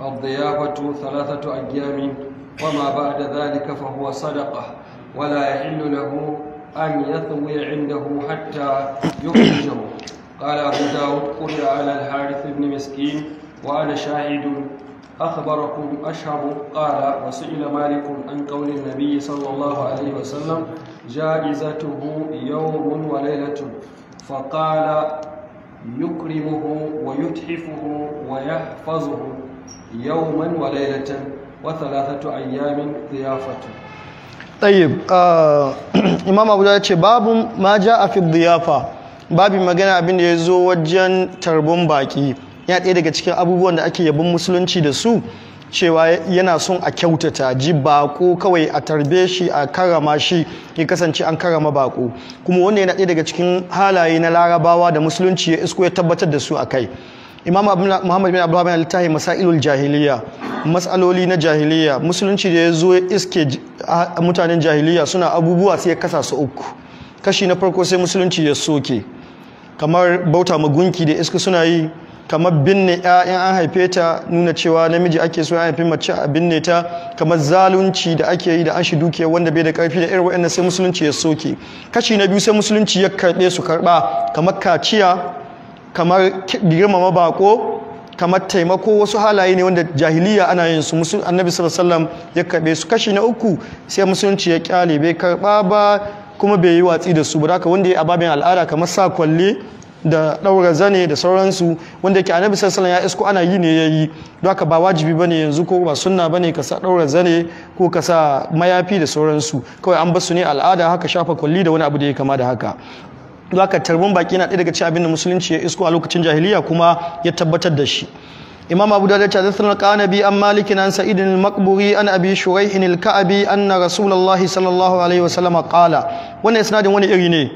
الضيافة ثلاثة أيام وما بعد ذلك فهو صدقة ولا يحل له أن يثوي عنده حتى يخرجه قال أبو داود قرئ على الحارث بن مسكين وأنا شاهد أخبركم أشهب قال وسئل مالك عن قول النبي صلى الله عليه وسلم جائزته يوم وليلة فقال يكرمه ويتحفه ويحفظه يوما وليلة وثلاثة أيام ضيافة tayyib imam abu ya ce babu ma ja a fi diyafa babu magana abin da ya zo wajen tarbon baki ya ɗaya daga cikin abubuwan da ake yabon musulunci da su cewa yana son a kyautata ji bako kawai a tarbe shi a karama shi ya kasance an karama bako kuma wanda yana ɗaya daga cikin halaye na larabawa da musulunci ya isko ya tabbatar da su a kai imam muhammad bin abdullahi bin masailul jahiliya matsaloli na jahiliya musulunci da ya zo ya iske mutanen jahiliya suna abubuwa sai ya kasa su uku kashi na farko sai musulunci ya soke kamar bauta magunki da iska suna yi kamar binne ‘ya'yan an haife ta nuna cewa namiji ake so ya haifi mace a binne ta kamar zalunci da ake yi da an shi dukiya wanda bai da karfi da irin waɗannan sai musulunci ya soke kashi na biyu sai musulunci ya karɓe su karɓa kamar kaciya kamar girmama bako kamar taimako wasu halaye ne wanda jahiliya ana yin su annabi sallallahu ya karbe su kashi na uku sai musulunci ya kyale bai karba ba kuma bai yi watsi da su ba haka wanda ya ababen al'ada kamar sa kwalle da daura zane da sauransu wanda yake annabi sallallahu ya isko ana yi ne yayi don haka ba wajibi bane yanzu ko ba sunna bane ka sa daura zane ko ka sa mayafi da sauransu kawai an basu ne al'ada haka shafa kwalli da wani abu da ya kama da haka zaka tarbon baki na ɗaya daga cikin abin da musulunci ya isko a lokacin jahiliya kuma ya tabbatar da shi imam abu dawud ya ce hadathana qanabi an malik an sa'id al-maqburi an abi shuraih al-ka'bi anna rasulullahi sallallahu alaihi wasallam qala wannan isnadin wani iri ne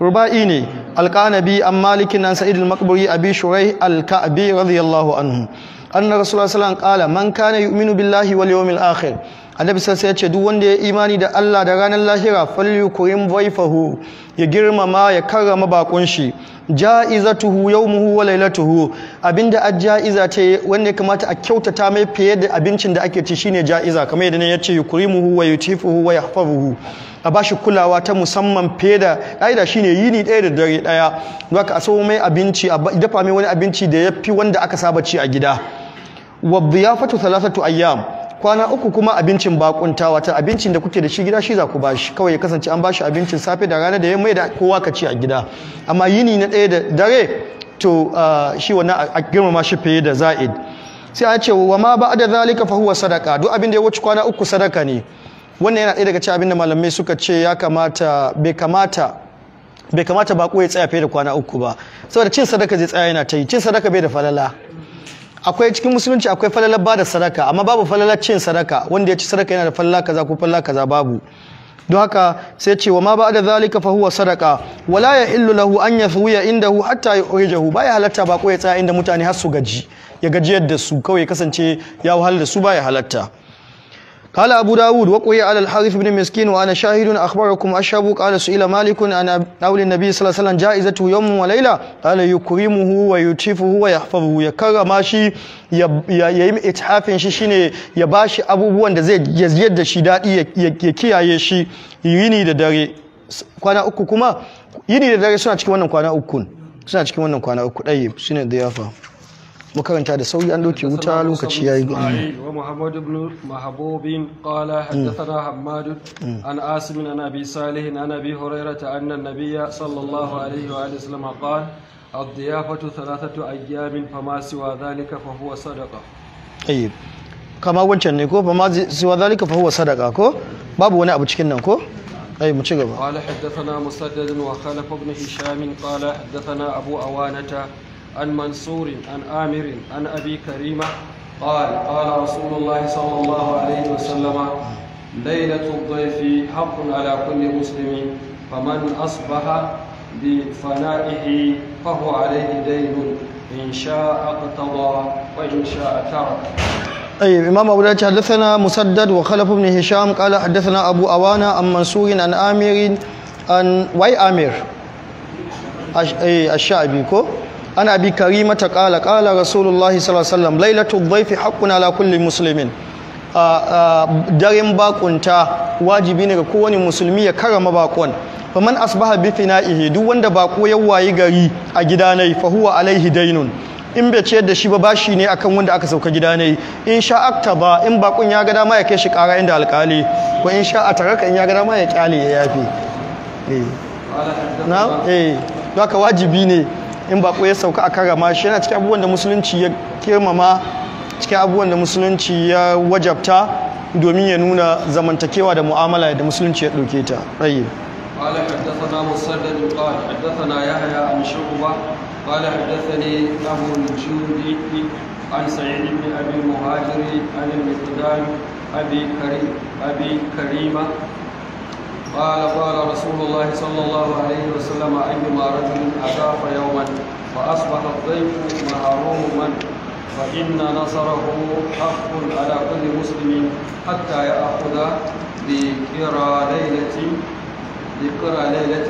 ruba'i ne al kanabi an malik an sa'id al-maqburi abi shuraih al-ka'bi radiyallahu anhu anna rasulullahi sallallahu alaihi wasallam qala man kana yu'minu billahi wal yawmil akhir annabi sai ya ce duk wanda ya imani da Allah da ranar lahira falyukrim waifahu ya girmama ya karrama bakon shi ja'izatuhu yawmuhu wa lailatuhu abinda ajja'iza ce wanda ya kamata a kyautata mai fiye da abincin da ake ci shine ja'iza kamar yadda ne yace yukrimuhu wa yutifuhu wa yahfazuhu a bashi kulawa ta musamman fiye da ƙa'ida shine yini ɗaya da dare ɗaya zaka a sau mai abinci a dafa mai wani abinci da ya fi wanda aka saba ci a gida wa dhiyafatu thalathatu ayyam kwana uku kuma abincin bakunta wata abincin da kuke da shi gida shi za ku bashi kawai ya kasance an bashi abincin safe da rana da yamma da kowa ka ci a gida amma yini na ɗaya da dare to ah, shi wannan a girmama shi fiye da za'id sai a ce wa ma da zalika fa huwa sadaka duk abin da ya wuce kwana uku sadaka ne wannan yana ɗaya daga cikin abin da malamai suka ce ya kamata bai kamata bai kamata bako ya tsaya fiye da kwana uku ba saboda cin sadaka zai tsaya yana ta yi cin sadaka bai da falala akwai cikin musulunci akwai falalar ba da sadaka amma babu falalar cin sadaka wanda ya ci sadaka yana da falala kaza ko falala kaza babu don haka sai ce wa ma ba da zalika fa huwa sadaka wala ya illu lahu an inda indahu hatta yuhijahu baya halatta ba ko ya tsaya inda mutane har su gaji ya gaji yadda su kawai kasance ya wahala da su baya halatta قال abu dawud وقوي على الحارث بن مسكين وأنا شاهد أخبركم أشهب قال سئل مالك عن أول النبي صلى الله عليه وسلم جائزته يوم وليلة قال يكرمه ويتشفه ويحفظه يكرم شي ya yi ithafin shi shine ya bashi abubuwan da zai yazyar da shi daɗi ya kiyaye shi yini da dare kwana uku kuma yini da dare suna cikin wannan kwana uku suna da yafa makaranta da sauyi an doke wuta lokaci ya yi mm. muhammad ibn mahbubin mm. mm. wa wancan ne ko ba zalika fa ko babu wani abu cikin nan ko ai mu ci gaba qala hadathana musaddad wa khalafa ibn hisham qala abu awanata عن منصور عن آمر عن أبي كريمة قال قال رسول الله صلى الله عليه وسلم ليلة الضيف حق على كل مسلم فمن أصبح بفنائه فهو عليه دين إن شاء اقتضى وإن شاء ترك أي إمام أبو داود حدثنا مسدد وخلف بن هشام قال حدثنا أبو أوانا عن منصور عن آمر عن واي آمر الشعبي كو an abi karimata kala, kala rasulullahi sallallahu alaihi wasallam lailatul dhaifi haqqun ala kulli muslimin daren bakunta wajibi ne ga kowane musulmi ya karama bakon man asbaha bi fina'ihi duk wanda bako ya wayi gari a gidanai fa huwa alaihi dainun in bai ciyar da shi ba bashi ne akan wanda aka sauka gida ne in sha akta ba in bakon ya ga dama ya kai shi kara inda alkali ko in sha ataraka in ya ga dama ya kyale ya yafe eh na eh haka wajibi ne in bako ya sauka a karama shi yana cikin abubuwan da musulunci ya kirmama cikin abubuwan da musulunci ya wajabta domin ya nuna zamantakewa da mu'amala da musulunci ya ɗauke ta ɗaye قال حدثنا مسدد قال حدثنا يحيى عن شعبة قال حدثني أبو الجودي عن سعيد بن أبي المهاجر عن المقدام أبي كريم أبي كريمة قال قال رسول الله صلى الله عليه وسلم أيما رجل أضاف يوما وأصبح الضيف محروما فإن نصره حق على كل مسلم حتى يأخذ بقرى ليلة بقرى ليلة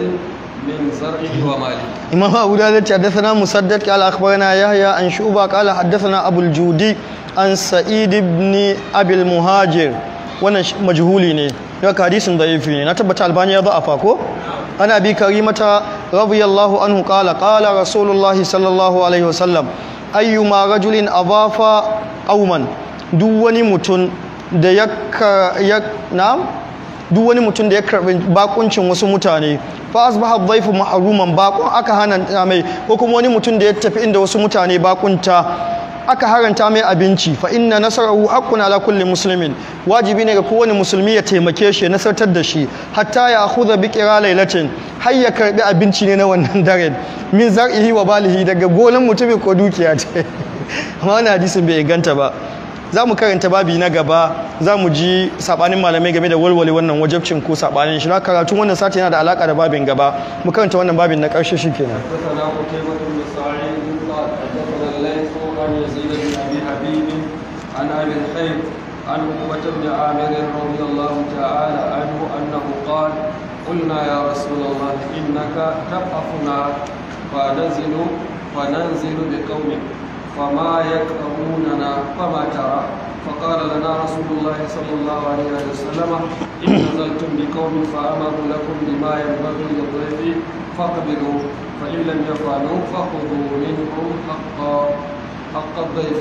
من زرعه وماله إمام أبو داود حدثنا مسدد قال أخبرنا يحيى عن شعبة قال حدثنا أبو الجودي عن سعيد بن أبي المهاجر wannan majhuli ne daga hadisin da'ifi ne na tabbata albani ya za'afa ko ana bi karimata radiyallahu anhu qala qala rasulullahi sallallahu alaihi wasallam ayyuma rajulin abafa auman duk wani mutum da ya duk wani da ya karbi bakuncin wasu mutane fa asbaha dhaifu mahruman bakun aka hana mai ko kuma wani mutum da ya tafi inda wasu mutane bakunta aka haranta mai abinci fa inna nasarahu haqqun ala kulli muslimin wajibi ne ga kowane musulmi ya taimake shi nasartar da shi hatta ya akhudha bi qira lailatin har ya karbi abinci ne na wannan dare min zar'ihi wa balihi daga golan mutumin ko dukiya ce amma wannan hadisin bai inganta ba za mu karanta babi na gaba za mu ji sabanin malamai game da walwale wannan wajabcin ko sabanin shi na karatun wannan sati yana da alaka da babin gaba mu karanta wannan babin na karshe shi kenan بن عامر رضي الله تعالى عنه أنه قال قلنا يا رسول الله إنك تبعثنا فننزل فننزل بقومك فما يكرهوننا فما ترى فقال لنا رسول الله صلى الله عليه وسلم إن نزلتم بقوم فأمروا لكم بما ينبغي للضيف فاقبلوا فإن لم يفعلوا فخذوا منهم حقا حق الضيف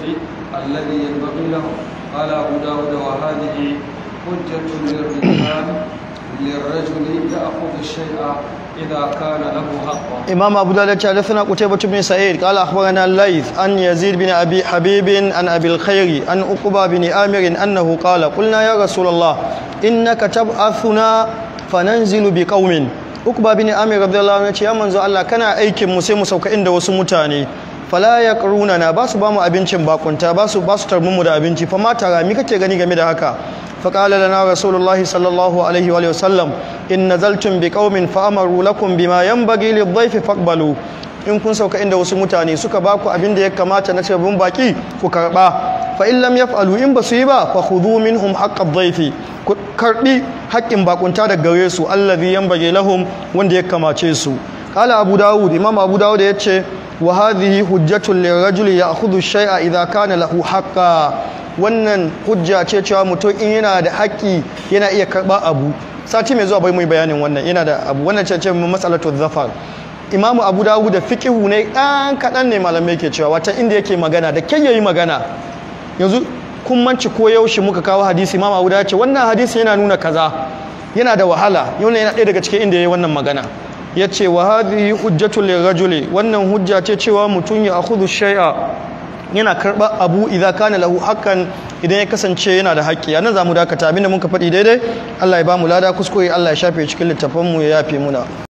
الذي ينبغي له قال أبو داود وهذه حجة للرجال للرجل يأخذ الشيء إذا كان له حق إمام أبو داود حدثنا قتيبة بن سعيد قال أخبرنا الليث أن يزيد بن أبي حبيب عن أبي الخير عن أقبى بن آمر أنه قال قلنا يا رسول الله إنك تبعثنا فننزل بقوم Ukba bin Amir radiyallahu anhu ya ce ya manzo Allah kana aikin mu sai mu sauka inda wasu mutane fala ya karuna na ba su ba mu abincin bakunta ba su ba da abinci fa mata rami kake gani game da haka fa da na rasulullahi sallallahu alaihi wa sallam in nazaltum bi qaumin bi ma yan bagi lil lidhayfi faqbalu in kun sauka inda wasu mutane suka ba ku abin da ya kamata na cebin baƙi ku karɓa fa in lam yaf'alu in su yi ba fa khudhu minhum haƙƙa dhayfi ku karɓi haƙƙin bakunta daga gare su Allah allazi bagi lahum wanda ya kamace su Kala abu dawud imam abu ya ce. wa hadhihi hujjatul lirajul ya'khudhu shay'a idha kana lahu haqqan wannan hujja ce cewa mutum in yana da haƙƙi yana iya karɓa abu sati mai zuwa bai mai bayanin wannan yana da abu wannan ce ce masalatul zafar imamu abu dawu da fiqihu ne ɗan kaɗan ne malamai ke cewa wata inda yake magana da kai yayi magana yanzu kun manci ko yaushe muka kawo hadisi imamu abu ya ce wannan hadisi yana nuna kaza yana da wahala yau yana ɗaya daga cikin inda yayi wannan magana ya ce wa hadhihi hujjatul rajule wannan hujja ce cewa mutum ya akhudhu shay'a yana karɓar abu idan kana lahu hakan idan ya kasance yana da haƙƙi a nan za mu dakata abinda muka faɗi daidai Allah ya ba mu lada kuskure Allah ya shafe cikin littafanmu ya yafe muna